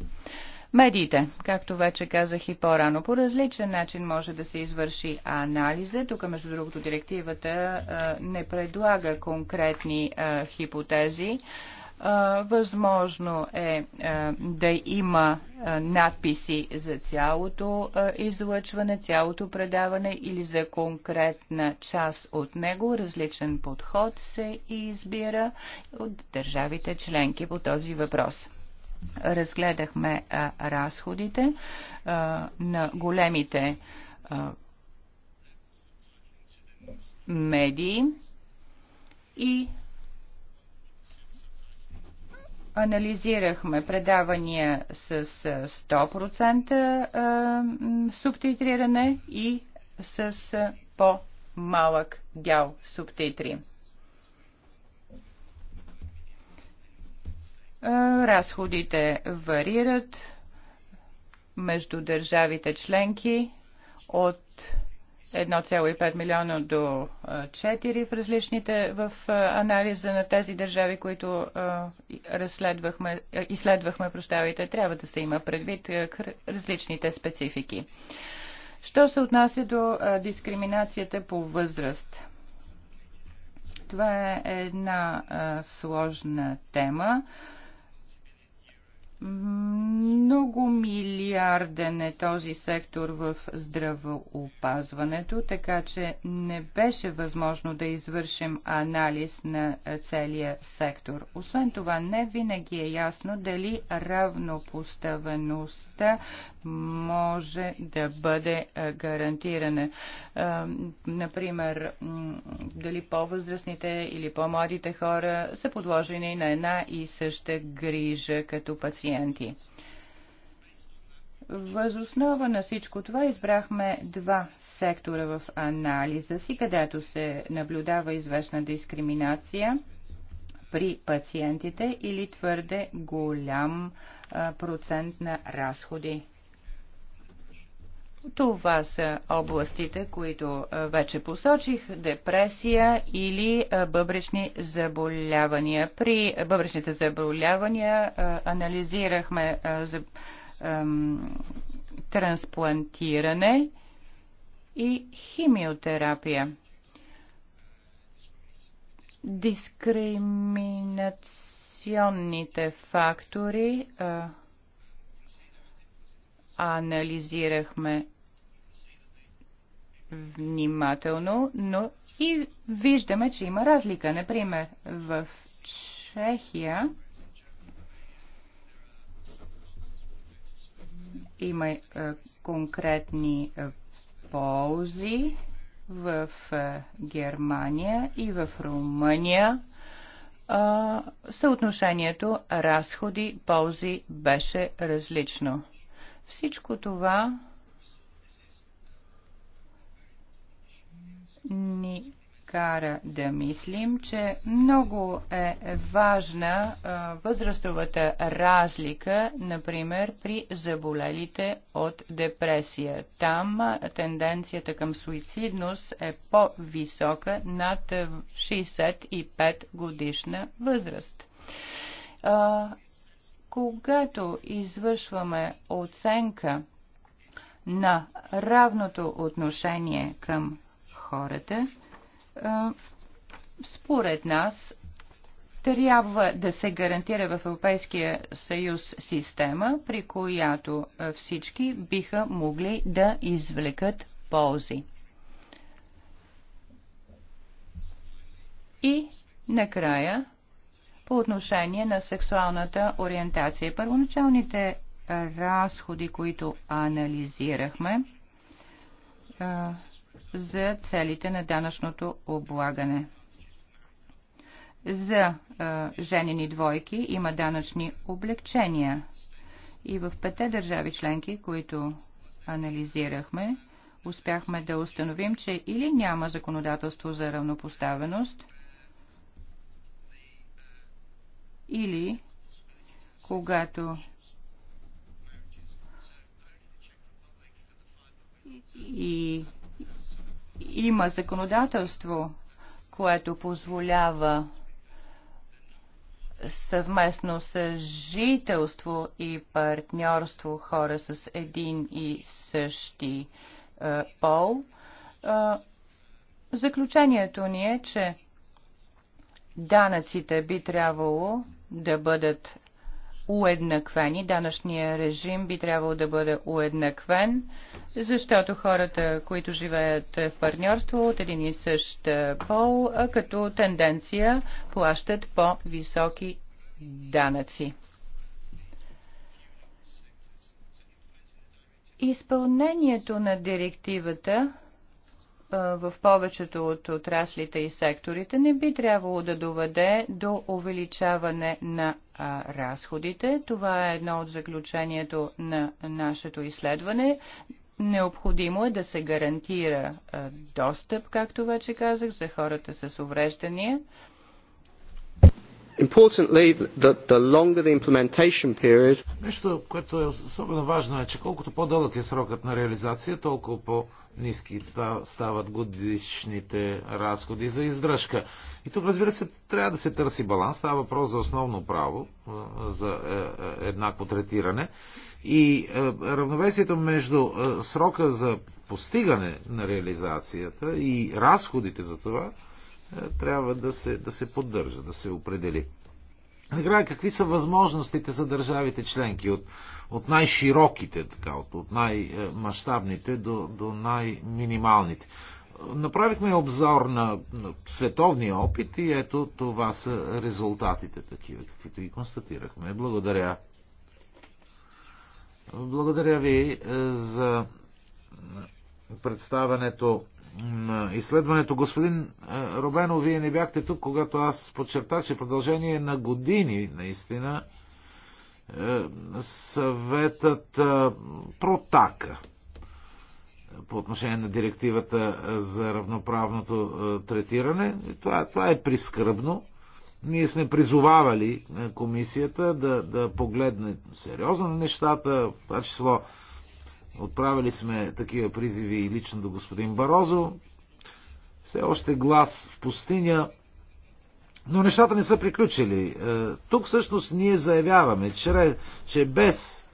Медиите, както вече казах и по-рано, по различен начин може да се извърши анализа. Тук, между другото, директивата а, не предлага конкретни а, хипотези. А, Възможно е да има надписи за цялото излъчване, цялото предаване или за конкретна част от него. Различен подход се избира от държавите членки по този въпрос. Разгледахме разходите на големите медии и анализирахме предавания с 100% субтитриране и с по-малък дял субтитри. Разходите варират между държавите членки от 1,5 милиона до 4 в различните в анализа на тези държави, които разследвахме, изследвахме, прощавайте, трябва да се има предвид различните специфики. Що се отнася до дискриминацията по възраст? Това е една сложна тема. Много милиарден е този сектор в здравоопазването, така че не беше възможно да извършим анализ на целия сектор. Освен това, не винаги е ясно дали равнопоставеността може да бъде гарантирана. Например, дали по-възрастните или по-младите хора са подложени на една и съща грижа като пациент пациенти. Възоснова на всичко това избрахме два сектора в анализа си, където се наблюдава известна дискриминация при пациентите или твърде голям процент на разходи това са областите, които вече посочих депресия или бъбречни заболявания. При бъбречните заболявания анализирахме за трансплантиране и химиотерапия. Дискриминационните фактори анализирахме внимателно, но и виждаме, че има разлика. Например, в Чехия има е, конкретни е, ползи в е, Германия и в Румъния. Съотношението разходи-ползи беше различно. Всичко това ни кара да мислим, че много е важна възрастовата разлика, например, при заболелите от депресия. Там тенденцията към суицидност е по-висока над 65 годишна възраст. Когато извършваме оценка на равното отношение към хората, според нас трябва да се гарантира в Европейския съюз система, при която всички биха могли да извлекат ползи. И накрая по отношение на сексуалната ориентация. Първоначалните разходи, които анализирахме за целите на данъчното облагане. За женени двойки има данъчни облегчения. И в пете държави членки, които анализирахме, успяхме да установим, че или няма законодателство за равнопоставеност – или когато и има законодателство, което позволява съвместно съжителство и партньорство хора с един и същи е, пол. Е, заключението ни е, че данъците би трябвало да бъдат уеднаквени. Данъчния режим би трябвало да бъде уеднаквен, защото хората, които живеят в партньорство от един и същ пол, като тенденция плащат по-високи данъци. Изпълнението на директивата – в повечето от отраслите и секторите не би трябвало да доведе до увеличаване на разходите. Това е едно от заключението на нашето изследване. Необходимо е да се гарантира достъп, както вече казах, за хората с увреждания, Importantly, the, the longer the implementation period... Нещо, което е особено важно е, че колкото по-дълъг е срокът на реализация, толкова по-низки стават годишните разходи за издръжка. И тук, разбира се, трябва да се търси баланс. Става въпрос за основно право, за е, е, еднакво третиране. И е, равновесието между срока за постигане на реализацията и разходите за това трябва да се, да се поддържа, да се определи. Накрая, какви са възможностите за държавите членки от, от най-широките, така, от, от най-масштабните до, до най-минималните? Направихме обзор на, на световния опит и ето това са резултатите такива, каквито ги констатирахме. Благодаря. Благодаря ви е, за представането на изследването. Господин е, Робено, вие не бяхте тук, когато аз подчертах, че продължение на години, наистина, е, съветът е, протака по отношение на директивата за равноправното третиране. Това, това е прискръбно. Ние сме призовавали комисията да, да погледне сериозно на нещата, в това число Отправили сме такива призиви и лично до господин Барозо. Все още глас в пустиня. Но нещата не са приключили. Е, тук всъщност ние заявяваме, че без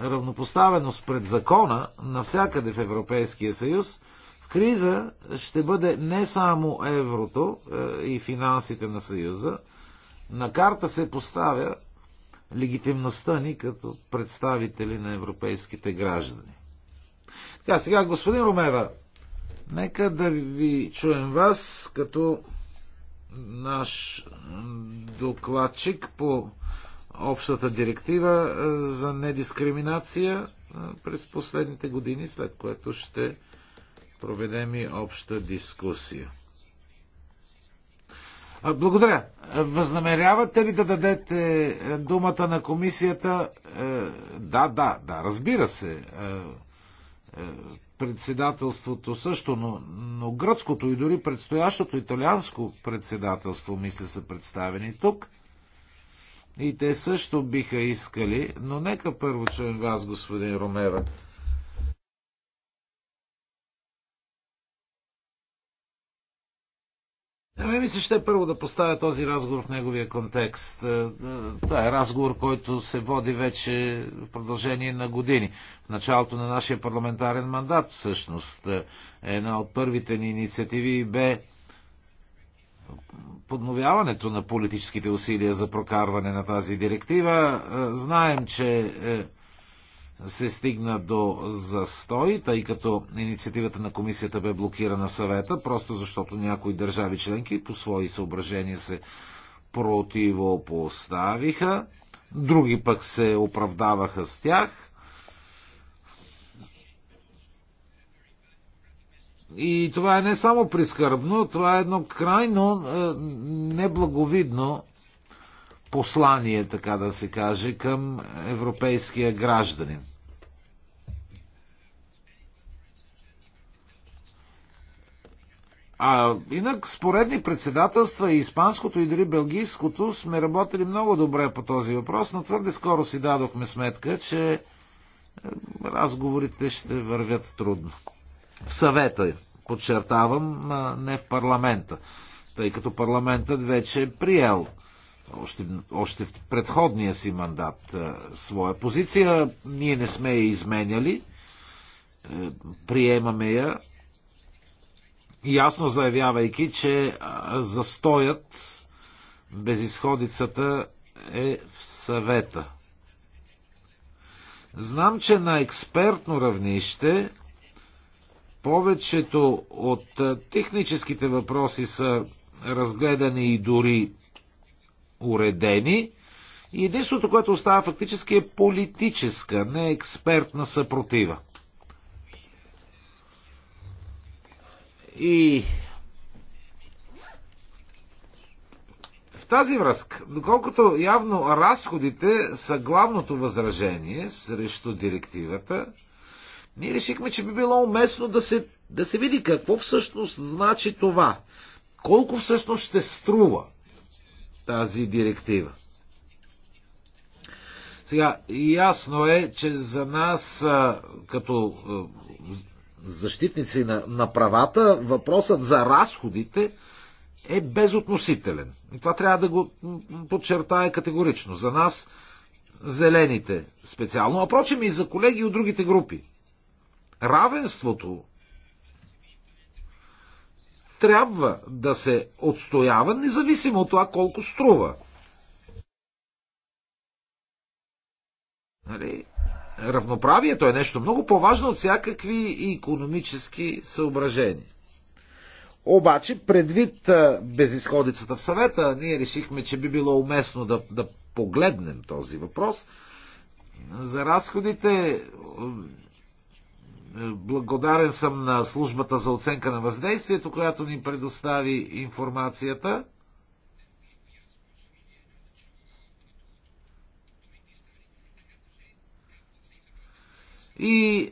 равнопоставеност пред закона навсякъде в Европейския съюз, в криза ще бъде не само еврото е, и финансите на съюза, на карта се поставя легитимността ни като представители на европейските граждани. Така, сега, господин Ромева, нека да ви чуем вас като наш докладчик по общата директива е, за недискриминация е, през последните години, след което ще проведем и обща дискусия. Благодаря. Възнамерявате ли да дадете е, думата на комисията? Е, да, да, да, разбира се. Е, председателството също, но, но гръцкото и дори предстоящото италианско председателство, мисля, са представени тук. И те също биха искали, но нека първо чуем вас, господин Ромева. Ами ми ще е първо да поставя този разговор в неговия контекст. Е, е, това е разговор, който се води вече в продължение на години. В началото на нашия парламентарен мандат, всъщност, една от първите ни инициативи бе подновяването на политическите усилия за прокарване на тази директива. Знаем, че се стигна до застой, тъй като инициативата на комисията бе блокирана в съвета, просто защото някои държави членки по свои съображения се противопоставиха, други пък се оправдаваха с тях. И това е не само прискърбно, това е едно крайно е, неблаговидно послание, така да се каже, към европейския гражданин. А инак споредни председателства и испанското и дори белгийското сме работили много добре по този въпрос, но твърде скоро си дадохме сметка, че е, разговорите ще вървят трудно. В съвета, подчертавам, не в парламента, тъй като парламентът вече е приел още, още в предходния си мандат е, своя позиция. Ние не сме я изменяли. Е, приемаме я, ясно заявявайки, че е, застоят безисходицата е в съвета. Знам, че на експертно равнище повечето от техническите въпроси са разгледани и дори уредени. И единството, което остава фактически е политическа, не експертна съпротива. И в тази връзка, доколкото явно разходите са главното възражение срещу директивата, ние решихме, че би било уместно да се, да се види какво всъщност значи това. Колко всъщност ще струва тази директива. Сега, ясно е, че за нас като защитници на, на правата въпросът за разходите е безотносителен. И това трябва да го подчертая категорично. За нас, зелените специално, а прочим и за колеги от другите групи. Равенството трябва да се отстоява, независимо от това колко струва. Нали? Равноправието е нещо много по-важно от всякакви економически съображения. Обаче, предвид безисходицата в съвета, ние решихме, че би било уместно да, да погледнем този въпрос. За разходите Благодарен съм на службата за оценка на въздействието, която ни предостави информацията. И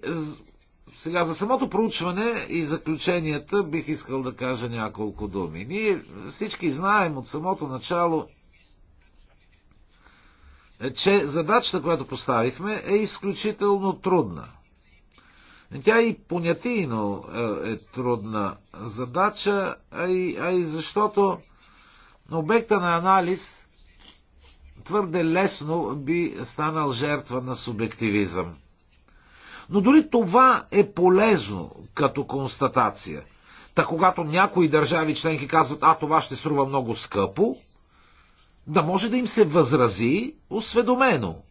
сега за самото проучване и заключенията бих искал да кажа няколко думи. Ние всички знаем от самото начало, че задачата, която поставихме, е изключително трудна – тя и понятийно е, е трудна задача, а и, а и защото обекта на анализ твърде лесно би станал жертва на субективизъм. Но дори това е полезно като констатация. Та когато някои държави членки казват, а това ще струва много скъпо, да може да им се възрази осведомено.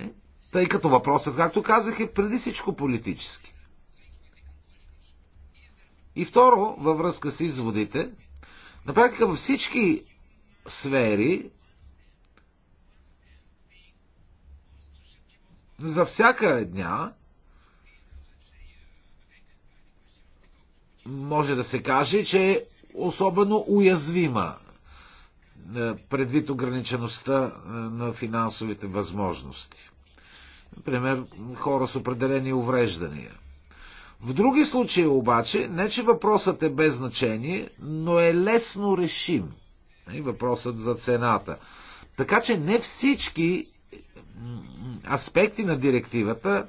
Е? Тъй като въпросът, както казах, е преди всичко политически. И второ, във връзка с изводите, на практика във всички сфери за всяка дня, може да се каже, че е особено уязвима е, предвид ограничеността е, на финансовите възможности например, хора с определени увреждания. В други случаи обаче, не че въпросът е без значение, но е лесно решим. И нали, въпросът за цената. Така че не всички аспекти на директивата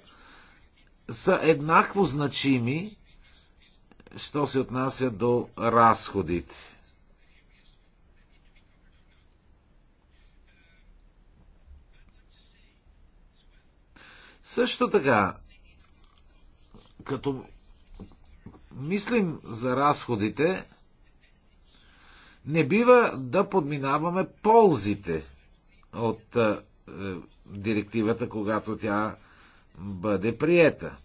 са еднакво значими, що се отнася до разходите. Също така, като мислим за разходите, не бива да подминаваме ползите от е, директивата, когато тя бъде приета.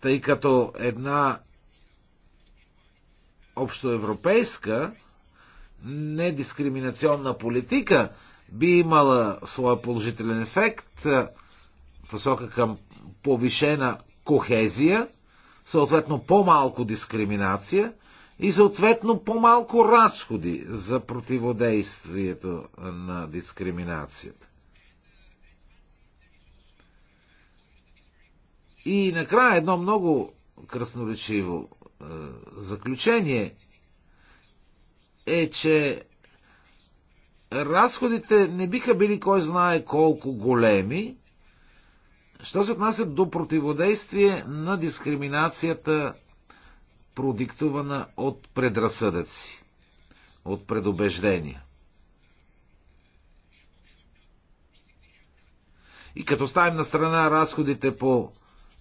Тъй като една общоевропейска недискриминационна политика би имала своя положителен ефект е, посока към повишена кохезия, съответно по-малко дискриминация и съответно по-малко разходи за противодействието на дискриминацията. И накрая едно много красноречиво е, заключение е, че разходите не биха били кой знае колко големи, Що се отнася до противодействие на дискриминацията, продиктувана от предразсъдъци, от предубеждения? И като ставим на страна разходите по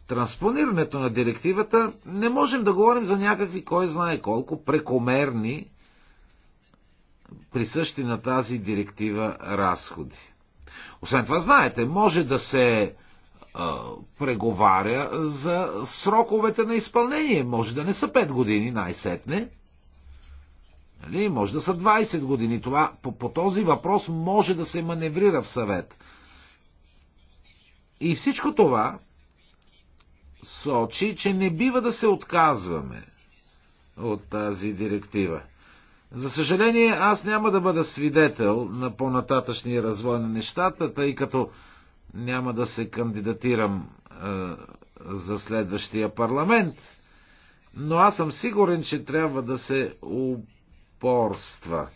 транспонирането на директивата, не можем да говорим за някакви, кой знае колко, прекомерни присъщи на тази директива разходи. Освен това, знаете, може да се преговаря за сроковете на изпълнение. Може да не са 5 години най-сетне. Нали? Може да са 20 години. Това, по, по този въпрос може да се маневрира в съвет. И всичко това сочи, че не бива да се отказваме от тази директива. За съжаление, аз няма да бъда свидетел на по-нататъчния развой на нещата, тъй като няма да се кандидатирам за следващия парламент, но аз съм сигурен, че трябва да се упорства.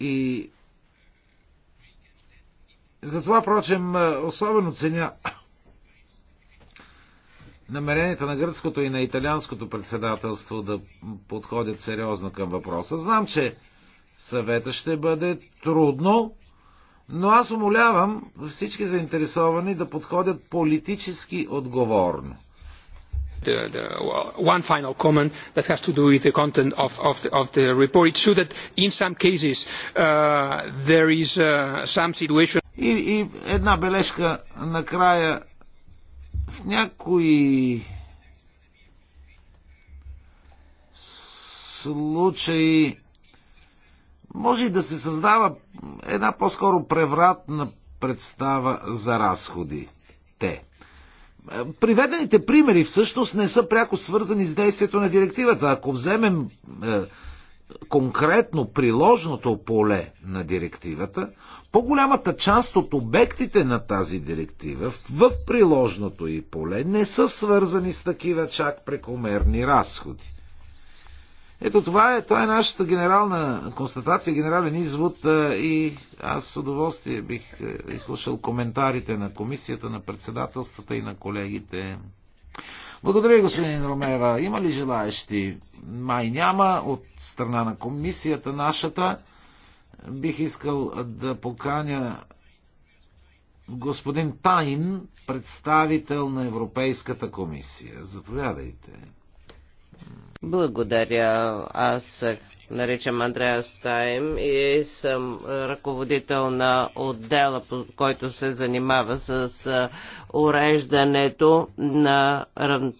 И затова, прочем, особено ценя намеренията на гръцкото и на италианското председателство да подходят сериозно към въпроса. Знам, че съвета ще бъде трудно, но аз умолявам всички заинтересовани да подходят политически отговорно. The, the, one final comment that has to do with the content of, of, the, of the report. It's true that in some cases uh, there is uh, some situation. И, и една бележка накрая в някои случаи може и да се създава една по-скоро превратна представа за разходи. Те. Приведените примери всъщност не са пряко свързани с действието на директивата. Ако вземем е, конкретно приложното поле на директивата, по-голямата част от обектите на тази директива в приложното и поле не са свързани с такива чак прекомерни разходи. Ето това е, това е нашата генерална констатация, генерален извод и аз с удоволствие бих е, изслушал коментарите на комисията, на председателствата и на колегите. Благодаря, господин Ромера. Има ли желаещи? Май няма. От страна на комисията нашата бих искал да поканя господин Тайн, представител на Европейската комисия. Заповядайте. Благодаря. Аз наричам Андреа Стайм и съм ръководител на отдела, който се занимава с уреждането на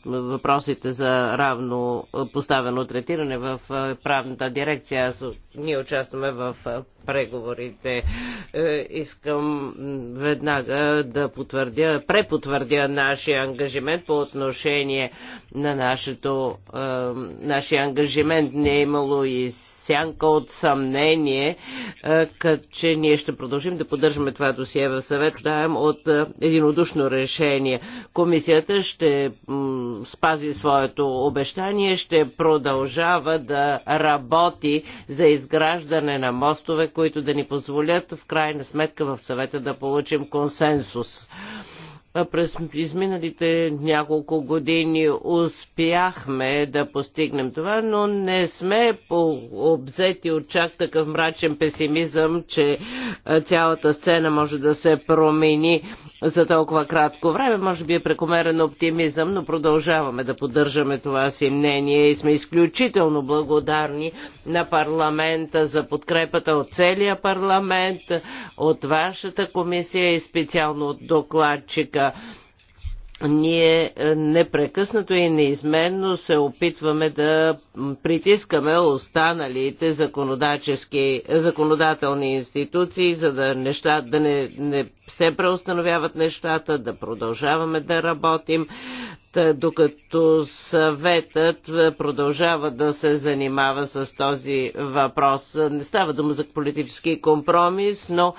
въпросите за равно поставено третиране в правната дирекция. Аз Ние участваме в преговорите. Е, искам веднага да потвърдя, препотвърдя нашия ангажимент по отношение на нашето, нашия ангажимент. Не е имало и сянка от съмнение, че ние ще продължим да поддържаме това досие в съвет, даем от единодушно решение. Комисията ще спази своето обещание, ще продължава да работи за изграждане на мостове, които да ни позволят в крайна сметка в съвета да получим консенсус през изминалите няколко години успяхме да постигнем това, но не сме обзети от чак такъв мрачен песимизъм, че цялата сцена може да се промени за толкова кратко време. Може би е прекомерен оптимизъм, но продължаваме да поддържаме това си мнение и сме изключително благодарни на парламента за подкрепата от целия парламент, от вашата комисия и специално от докладчика политика. Ние е, непрекъснато и неизменно се опитваме да притискаме останалите законодачески, законодателни институции, за да, неща, да не, не се преустановяват нещата, да продължаваме да работим е, докато съветът е, продължава да се занимава с този въпрос. Не става дума за политически компромис, но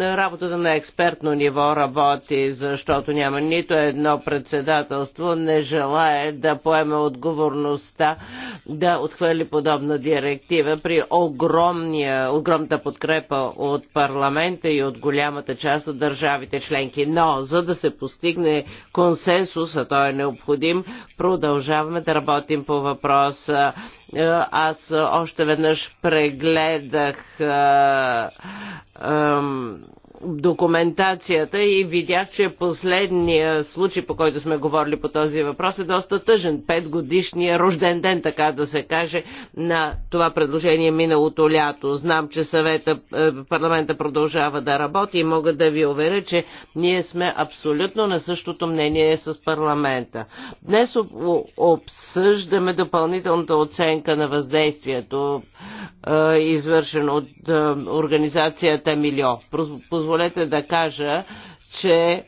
е, работата на експертно ниво работи, защото няма нито едно председателство не желае да поеме отговорността да отхвърли подобна директива при огромния, огромната подкрепа от парламента и от голямата част от държавите членки. Но, за да се постигне консенсус, а той е необходимо, необходим. Продължаваме да работим по въпроса. Е, аз още веднъж прегледах е, документацията и видях, че последния случай, по който сме говорили по този въпрос, е доста тъжен. Пет годишния рожден ден, така да се каже, на това предложение миналото лято. Знам, че съвета, е, парламента продължава да работи и мога да ви уверя, че ние сме абсолютно на същото мнение с парламента. Днес обсъждаме допълнителната оценка на въздействието, е, извършено от е, организацията Милио позволете да кажа, че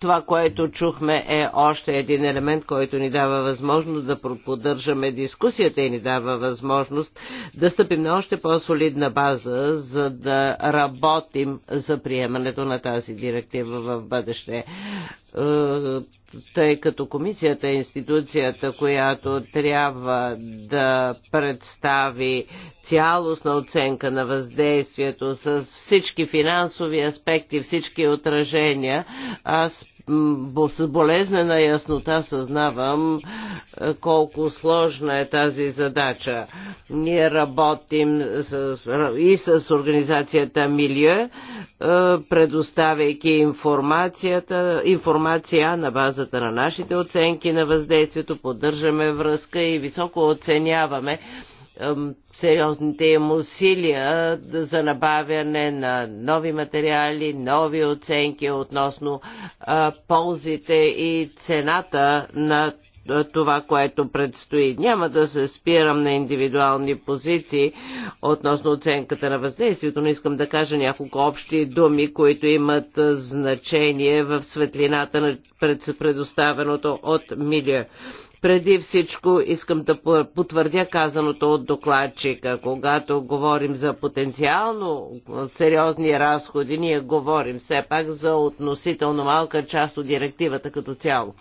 това, което чухме е още един елемент, който ни дава възможност да поддържаме дискусията и ни дава възможност да стъпим на още по-солидна база, за да работим за приемането на тази директива в бъдеще тъй като комисията е институцията, която трябва да представи цялостна оценка на въздействието с всички финансови аспекти, всички отражения, аз с болезнена яснота съзнавам е, колко сложна е тази задача. Ние работим с, и с организацията Милио, е, предоставяйки информацията, информация на базата на нашите оценки на въздействието, поддържаме връзка и високо оценяваме сериозните им усилия за набавяне на нови материали, нови оценки относно ползите и цената на това, което предстои. Няма да се спирам на индивидуални позиции относно оценката на въздействието, но искам да кажа няколко общи думи, които имат значение в светлината на предоставеното от Милия. Преди всичко искам да потвърдя казаното от докладчика. Когато говорим за потенциално сериозни разходи, ние говорим все пак за относително малка част от директивата като цяло.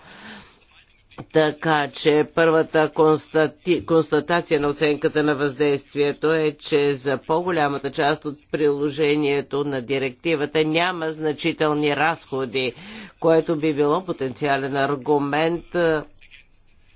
Така че първата констати... констатация на оценката на въздействието е, че за по-голямата част от приложението на директивата няма значителни разходи, което би било потенциален аргумент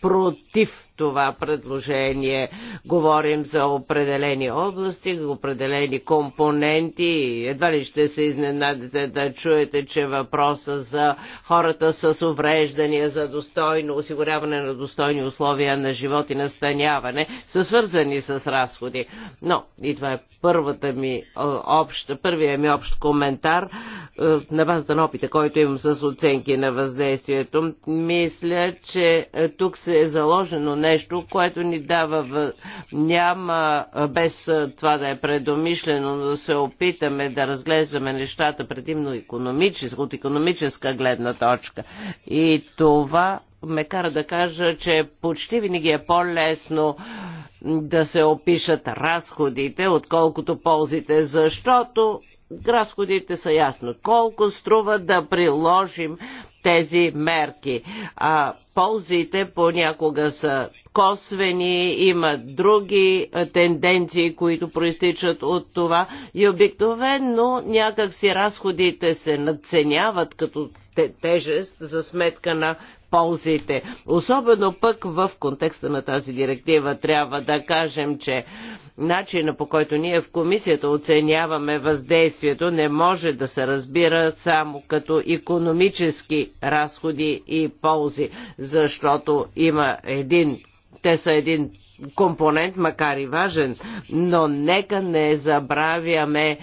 против това предложение. Говорим за определени области, определени компоненти. Едва ли ще се изненадите да чуете, че въпроса за хората с увреждания, за достойно осигуряване на достойни условия на живот и настаняване са свързани с разходи. Но, и това е първата ми обща, първия ми общ коментар на базата на опита, който имам с оценки на въздействието. Мисля, че тук се е заложено нещо, което ни дава няма без това да е предомишлено, но да се опитаме да разглеждаме нещата предимно економическо, от економическа гледна точка. И това ме кара да кажа, че почти винаги е по-лесно да се опишат разходите, отколкото ползите, защото разходите са ясно. Колко струва да приложим тези мерки. А ползите понякога са косвени, има други тенденции, които проистичат от това и обикновено някакси разходите се надценяват като тежест за сметка на ползите. Особено пък в контекста на тази директива трябва да кажем, че начина по който ние в комисията оценяваме въздействието не може да се разбира само като економически разходи и ползи, защото има един те са един компонент, макар и важен, но нека не забравяме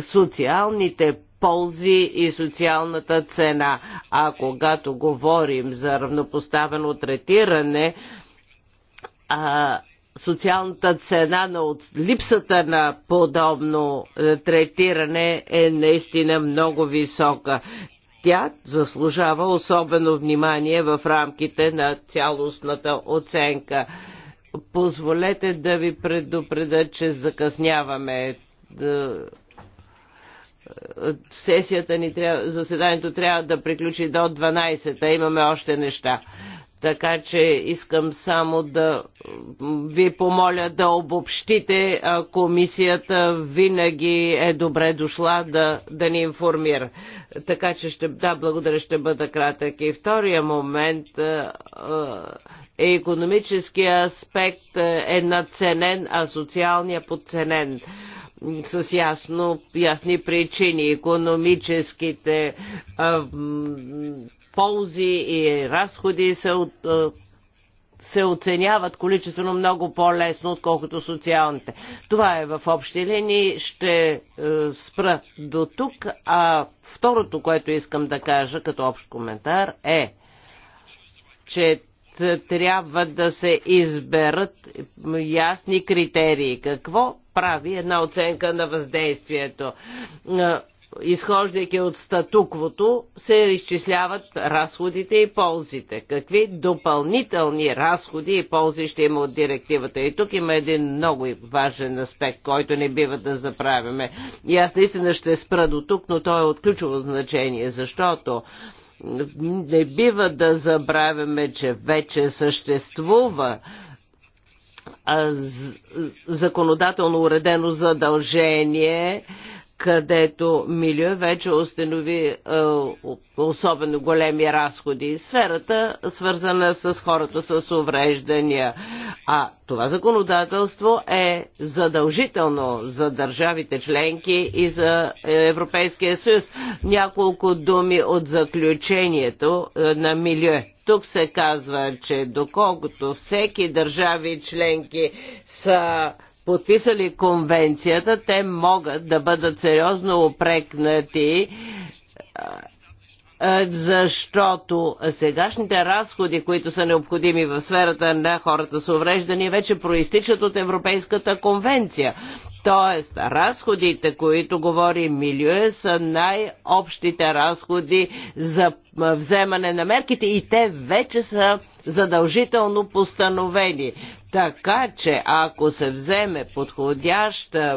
социалните ползи и социалната цена. А когато говорим за равнопоставено третиране, а, социалната цена на от... липсата на подобно е, третиране е наистина много висока. Тя заслужава особено внимание в рамките на цялостната оценка. Позволете да ви предупреда, че закъсняваме е, сесията ни трябва, заседанието трябва да приключи до 12-та, имаме още неща. Така че искам само да ви помоля да обобщите. Комисията винаги е добре дошла да, да ни информира. Така че ще, да, благодаря, ще бъда кратък. И втория момент е економическия аспект е надценен, а социалния подценен с ясно, ясни причини. Економическите а, ползи и разходи се, от се оценяват количествено много по-лесно, отколкото социалните. Това е в общи линии. Ще а, е, спра до тук. А второто, което искам да кажа като общ коментар е, че трябва да се изберат ясни критерии. Какво прави една оценка на въздействието? изхождайки от статуквото, се изчисляват разходите и ползите. Какви допълнителни разходи и ползи ще има от директивата? И тук има един много важен аспект, който не бива да заправяме. И аз наистина ще спра до тук, но той е от ключово значение, защото не бива да забравяме, че вече съществува законодателно уредено задължение където Милио вече установи е, особено големи разходи. Сферата свързана с хората с увреждания. А това законодателство е задължително за държавите членки и за Европейския съюз. Няколко думи от заключението е, на Милио. Тук се казва, че доколкото всеки държави членки са подписали конвенцията, те могат да бъдат сериозно опрекнати защото сегашните разходи, които са необходими в сферата на хората с увреждания, вече проистичат от Европейската конвенция. Тоест, разходите, които говори Милюе, са най-общите разходи за вземане на мерките и те вече са задължително постановени. Така че ако се вземе подходящ е,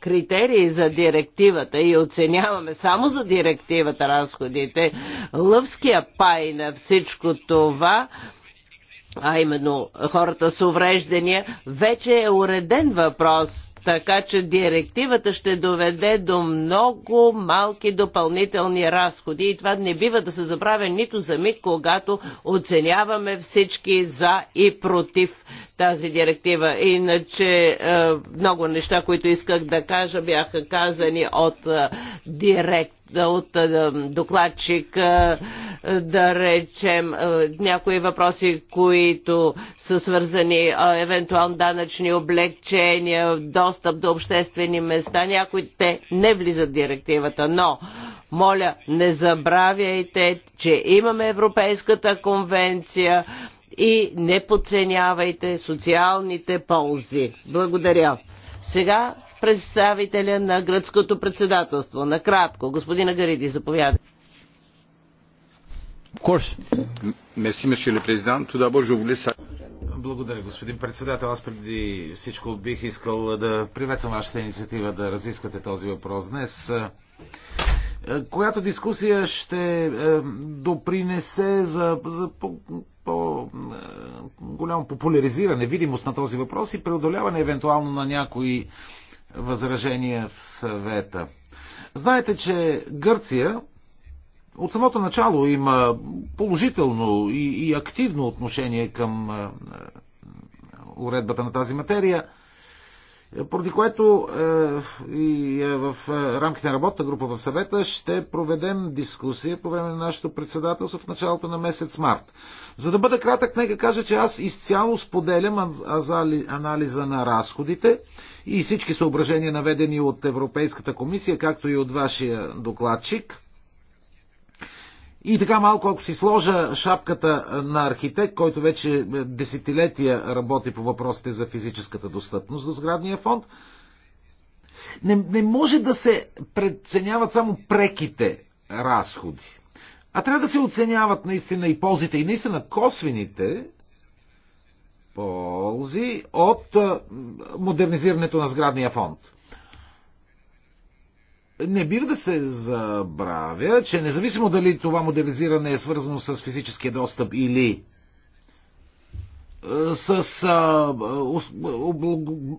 критерий за директивата и оценяваме само за директивата разходите, лъвския пай на всичко това а именно хората с увреждания, вече е уреден въпрос така че директивата ще доведе до много малки допълнителни разходи и това не бива да се забравя нито за миг, когато оценяваме всички за и против тази директива. Иначе е, много неща, които исках да кажа, бяха казани от е, директ от докладчик, да речем, някои въпроси, които са свързани евентуално данъчни облегчения, достъп до обществени места, някои те не влизат в директивата, но моля, не забравяйте, че имаме Европейската конвенция и не подценявайте социалните ползи. Благодаря. Сега представителя на гръцкото председателство. Накратко, господина Гариди, заповядайте. Благодаря, господин председател. Аз преди всичко бих искал да приветствам вашата инициатива да разисквате този въпрос днес, която дискусия ще допринесе за, за по-голямо по, популяризиране, видимост на този въпрос и преодоляване евентуално на някои възражения в съвета. Знаете, че Гърция от самото начало има положително и, и активно отношение към е, е, уредбата на тази материя, поради което е, и в рамките на работната група в съвета ще проведем дискусия по време на нашето председателство в началото на месец март. За да бъда кратък, нека кажа, че аз изцяло споделям анализа на разходите и всички съображения, наведени от Европейската комисия, както и от вашия докладчик. И така малко, ако си сложа шапката на архитект, който вече е, десетилетия работи по въпросите за физическата достъпност до сградния фонд, не, не може да се преценяват само преките разходи. А трябва да се оценяват наистина и ползите, и наистина косвените ползи от модернизирането на сградния фонд. Не бива да се забравя, че независимо дали това модернизиране е свързано с физическия достъп или с а,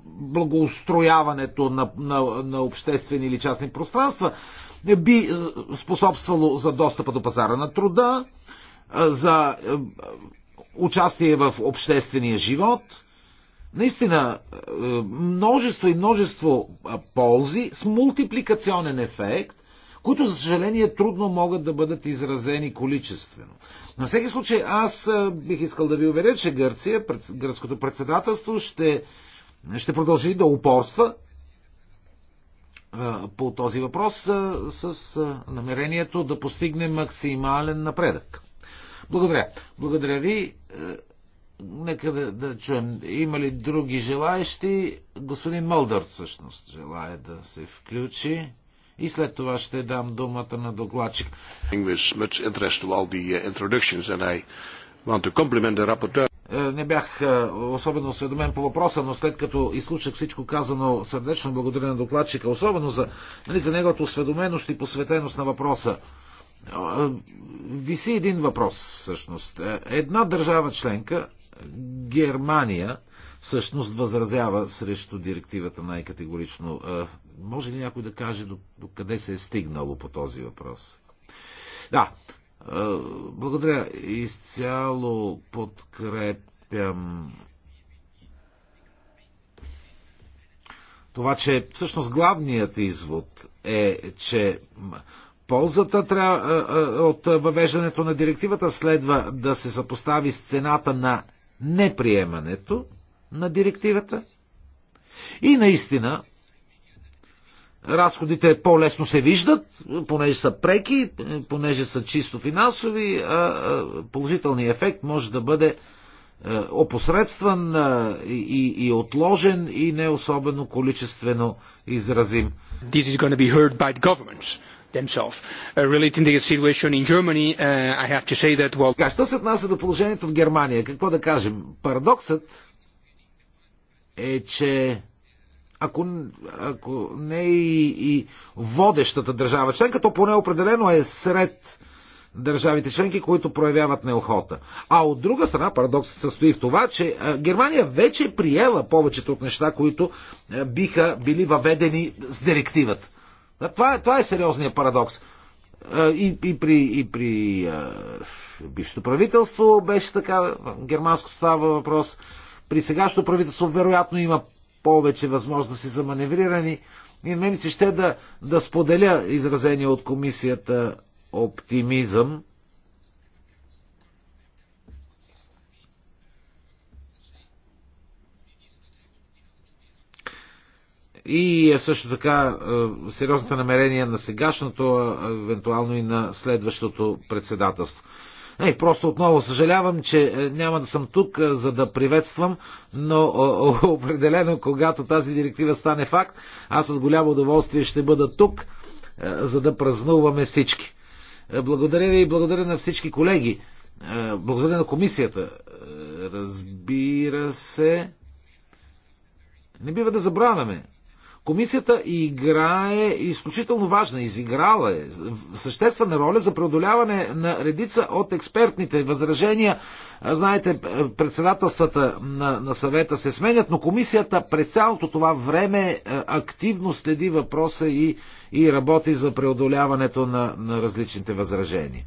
благоустрояването на, на, на обществени или частни пространства, би способствало за достъпа до пазара на труда, за участие в обществения живот. Наистина, е, множество и множество ползи с мултипликационен ефект, които, за съжаление, трудно могат да бъдат изразени количествено. На всеки случай, аз е, бих искал да ви уверя, че Гърция, гръцкото председателство ще, ще продължи да упорства е, по този въпрос с намерението да постигне максимален напредък. Благодаря. Благодаря ви. Е, нека да, да чуем. Има ли други желаещи? Господин Молдър всъщност желая да се включи. И след това ще дам думата на докладчик. Uh, е, не бях е, особено осведомен по въпроса, но след като изслушах всичко казано, сърдечно благодаря на докладчика, особено за, нали, за неговата осведоменост и посветеност на въпроса виси един въпрос всъщност. Е, една държава членка, Германия, всъщност възразява срещу директивата най-категорично. Е, може ли някой да каже до, до къде се е стигнало по този въпрос? Да, е, благодаря. Изцяло подкрепям това, че всъщност главният извод е, че Ползата от въвеждането на директивата следва да се съпостави с цената на неприемането на директивата. И наистина, разходите по-лесно се виждат, понеже са преки, понеже са чисто финансови, а положителният ефект може да бъде опосредстван и, и отложен и не особено количествено изразим. This is going to be heard by the governments themselves. Uh, relating the situation in Germany, uh, I have to say that... Well... Що се отнася до положението в Германия? Какво да кажем? Парадоксът е, че ако, ако не и, и водещата държава членка, то поне определено е сред държавите членки, които проявяват неохота. А от друга страна, парадоксът състои в това, че Германия вече е приела повечето от неща, които биха били въведени с директивата. Това е, това е сериозният парадокс. И, и при, и при а, бившето правителство беше така, германското става въпрос. При сегашното правителство вероятно има повече възможности за маневриране. И мен си се ще да, да споделя изразение от комисията оптимизъм и е също така е, сериозните намерения на сегашното, евентуално и на следващото председателство. Ей, просто отново съжалявам, че е, няма да съм тук, за да приветствам, но определено, когато тази директива стане факт, аз с голямо удоволствие ще бъда тук, за да празнуваме всички. Благодаря ви и благодаря на всички колеги. Благодаря на комисията. Разбира се. Не бива да забравяме, Комисията играе изключително важна, изиграла е съществена роля за преодоляване на редица от експертните възражения. Знаете, председателствата на, на съвета се сменят, но комисията през цялото това време е, активно следи въпроса и, и работи за преодоляването на, на различните възражения.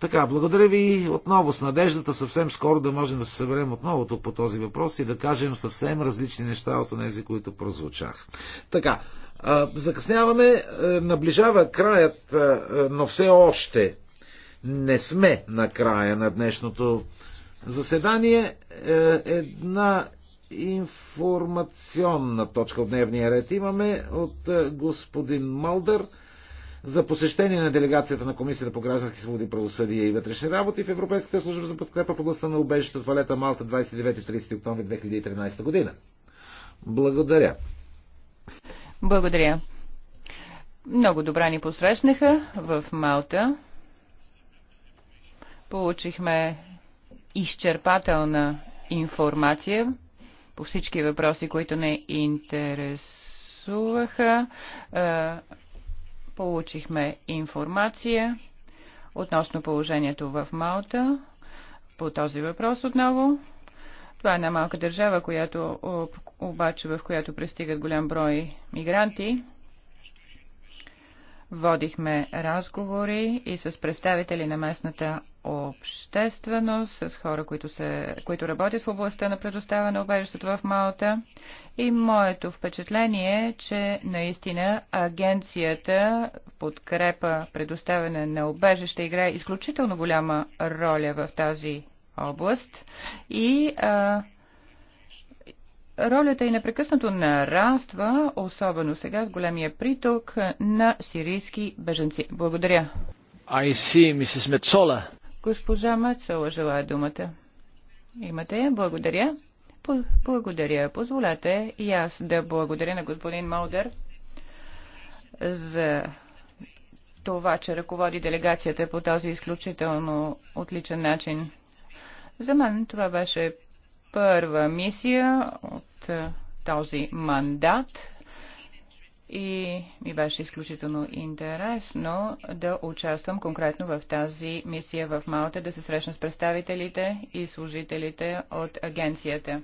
Така, благодаря ви отново с надеждата съвсем скоро да можем да се съберем отново тук по този въпрос и да кажем съвсем различни неща от тези, които прозвучах. Така, закъсняваме, наближава краят, но все още не сме на края на днешното заседание. Е, една информационна точка от дневния ред имаме от господин Малдър – за посещение на делегацията на Комисията по граждански свободи, правосъдие и вътрешни работи в Европейската служба за подкрепа в областта на убежището от Валета Малта 29-30 октомври 2013 година. Благодаря. Благодаря. Много добра ни посрещнаха в Малта. Получихме изчерпателна информация по всички въпроси, които не интересуваха. Е, Получихме информация относно положението в Малта по този въпрос отново. Това е една малка държава, която, обаче в която пристигат голям брой мигранти. Водихме разговори и с представители на местната общественост, с хора, които, се, които работят в областта на предоставяне на убежището в Малта. И моето впечатление е, че наистина агенцията в подкрепа предоставяне на убежище играе изключително голяма роля в тази област. И а, ролята и непрекъснато нараства, особено сега с големия приток на сирийски беженци. Благодаря. I see Mrs. Metzola. Госпожа Мацова желая думата. Имате я? Благодаря. Благодаря. Позволете и аз да благодаря на господин Молдер за това, че ръководи делегацията по този изключително отличен начин. За мен това беше първа мисия от този мандат и ми беше изключително интересно да участвам конкретно в тази мисия в Малта, да се срещна с представителите и служителите от агенцията,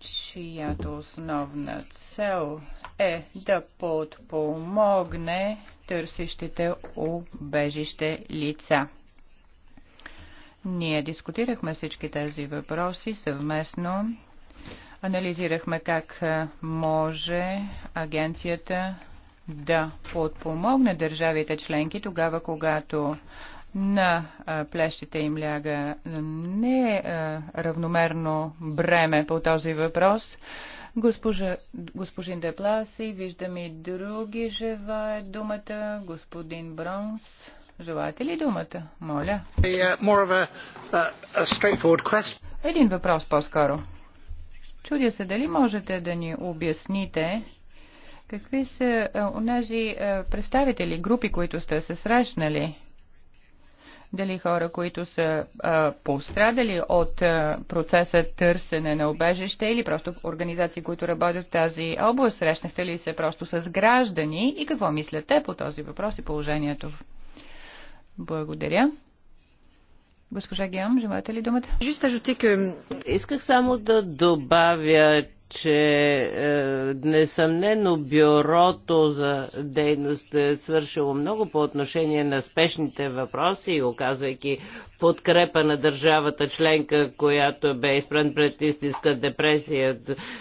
чиято основна цел е да подпомогне търсещите убежище лица. Ние дискутирахме всички тези въпроси съвместно анализирахме как може агенцията да подпомогне държавите членки тогава, когато на плещите им ляга не е равномерно бреме по този въпрос. Госпожа, господин Депласи, виждам и други желаят думата. Господин Бронс, желаете ли думата? Моля. Един въпрос по-скоро. Чудя се дали можете да ни обясните какви са е, онези е, представители, групи, които сте се срещнали дали хора, които са а, е, пострадали от а, процеса търсене на обежище или просто организации, които работят в тази област. Срещнахте ли се просто с граждани и какво мислят те по този въпрос и положението? Благодаря. Госпожа Геом, желаете ли думата? Исках само да добавя, че е, несъмнено бюрото за дейност е свършило много по отношение на спешните въпроси, оказвайки подкрепа на държавата членка, която бе изпрен пред истинска депресия.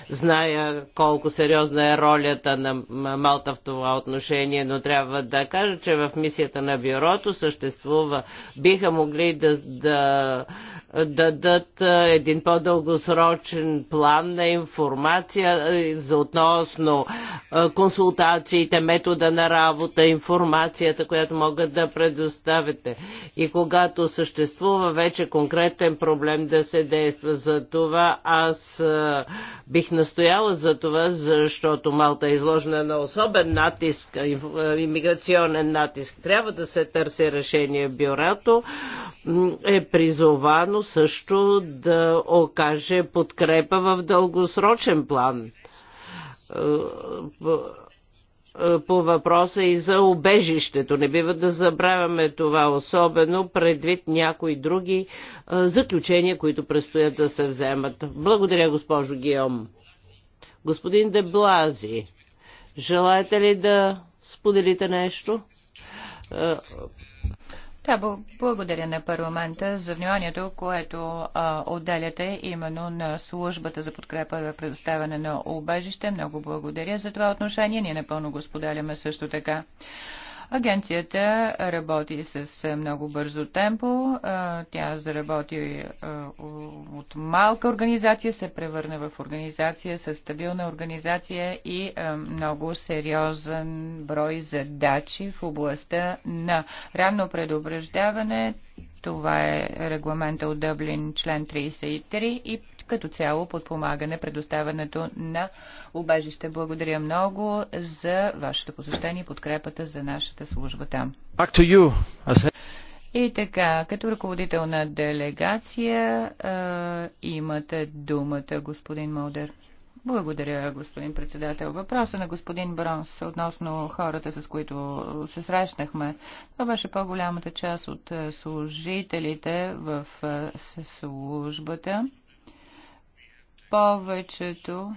Зная колко сериозна е ролята на Малта в това отношение, но трябва да кажа, че в мисията на бюрото съществува, биха могли да, да, да дадат един по-дългосрочен план на информация за относно консултациите, метода на работа, информацията, която могат да предоставите. И когато съществува съществува вече конкретен проблем да се действа. За това аз бих настояла за това, защото Малта е изложена на особен натиск, иммиграционен натиск. Трябва да се търси решение. Бюрото е призовано също да окаже подкрепа в дългосрочен план е, по въпроса и за убежището. Не бива да забравяме това, особено предвид някои други е, заключения, които предстоят да се вземат. Благодаря, госпожо Гиом. Господин Деблази, желаете ли да споделите нещо? Е, да, благодаря на парламента за вниманието, което а, отделяте именно на службата за подкрепа и предоставяне на обежище. Много благодаря за това отношение. Ние напълно го споделяме също така. Агенцията работи с много бързо темпо. Тя заработи от малка организация, се превърна в организация с стабилна организация и много сериозен брой задачи в областта на ранно предупреждаване, това е регламента от Дъблин, член 33 и като цяло подпомагане предоставянето на убежище. Благодаря много за вашето посещение и подкрепата за нашата служба там. И така, като ръководител на делегация имате думата, господин Молдер. Благодаря, господин председател. Въпроса на господин Бронс относно хората, с които се срещнахме, това беше по-голямата част от е, служителите в е, службата. Повечето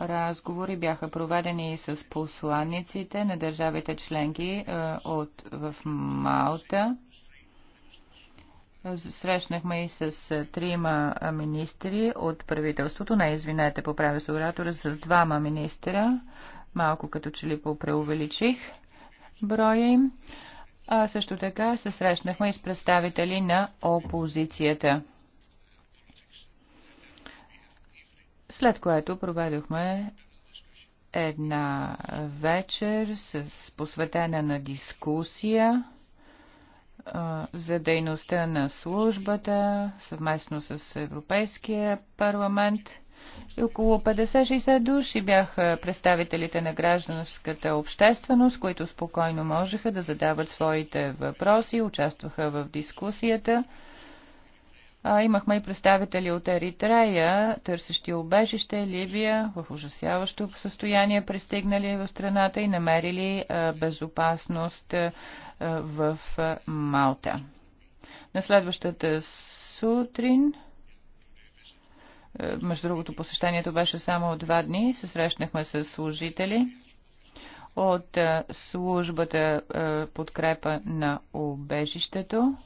разговори бяха проведени с посланниците на държавите членки е, от, в Малта Срещнахме и с трима министри от правителството. Не, извинете, поправя се оратора, с двама министра. Малко като че ли попреувеличих броя им. А също така се срещнахме и с представители на опозицията. След което проведохме една вечер с посветена на дискусия за дейността на службата съвместно с Европейския парламент. И около 50-60 души бяха представителите на гражданската общественост, които спокойно можеха да задават своите въпроси, участваха в дискусията. А, имахме и представители от Еритрея, търсещи обежище, Ливия, в ужасяващо състояние пристигнали в страната и намерили а, безопасност а, в а, Малта. На следващата сутрин, а, между другото посещението беше само два дни, се срещнахме с служители от а, службата а, подкрепа на обежището.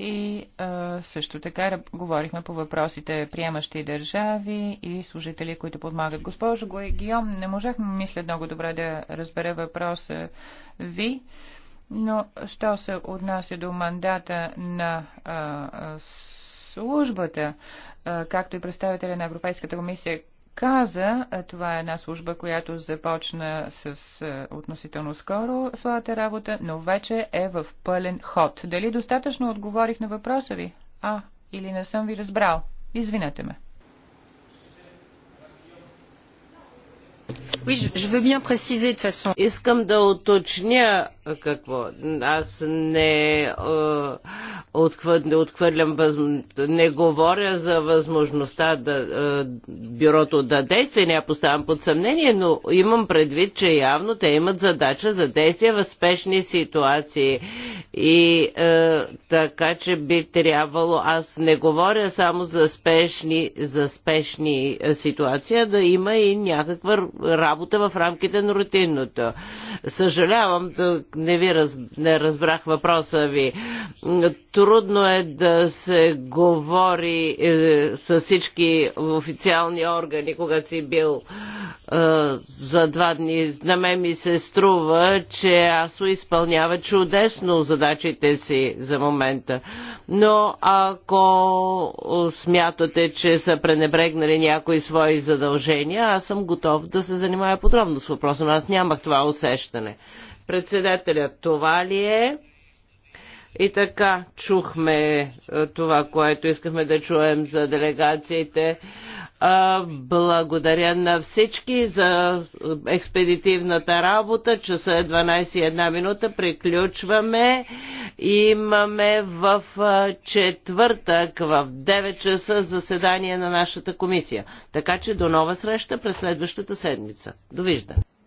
И а, също така говорихме по въпросите приемащи държави и служители, които подмагат. Госпожо Гиом, не можахме, мисля, много добре да разбера въпроса ви. Но що се отнася до мандата на а, службата, а, както и представителя на Европейската комисия каза, това е една служба, която започна с относително скоро своята работа, но вече е в пълен ход. Дали достатъчно отговорих на въпроса ви? А, или не съм ви разбрал? Извинете ме. Искам да уточня какво. Аз не е, отхвърлям, не говоря за възможността да, е, бюрото да действа, не я поставям под съмнение, но имам предвид, че явно те имат задача за действие в спешни ситуации. И е, така, че би трябвало, аз не говоря само за спешни, за спешни ситуации, да има и някаква работа работа в рамките на рутинното. Съжалявам, не ви раз, не разбрах въпроса ви. Трудно е да се говори е, с всички официални органи, когато си бил е, за два дни. На мен ми се струва, че АСО изпълнява чудесно задачите си за момента. Но ако смятате, че са пренебрегнали някои свои задължения, аз съм готов да се занимавам занимая подробно с въпроса, но аз нямах това усещане. Председателят, това ли е? И така чухме е, това, което искахме да чуем за делегациите. Благодаря на всички за експедитивната работа. Часа е 12.1 минута. Приключваме. Имаме в четвъртък в 9 часа заседание на нашата комисия. Така че до нова среща през следващата седмица. Довиждане.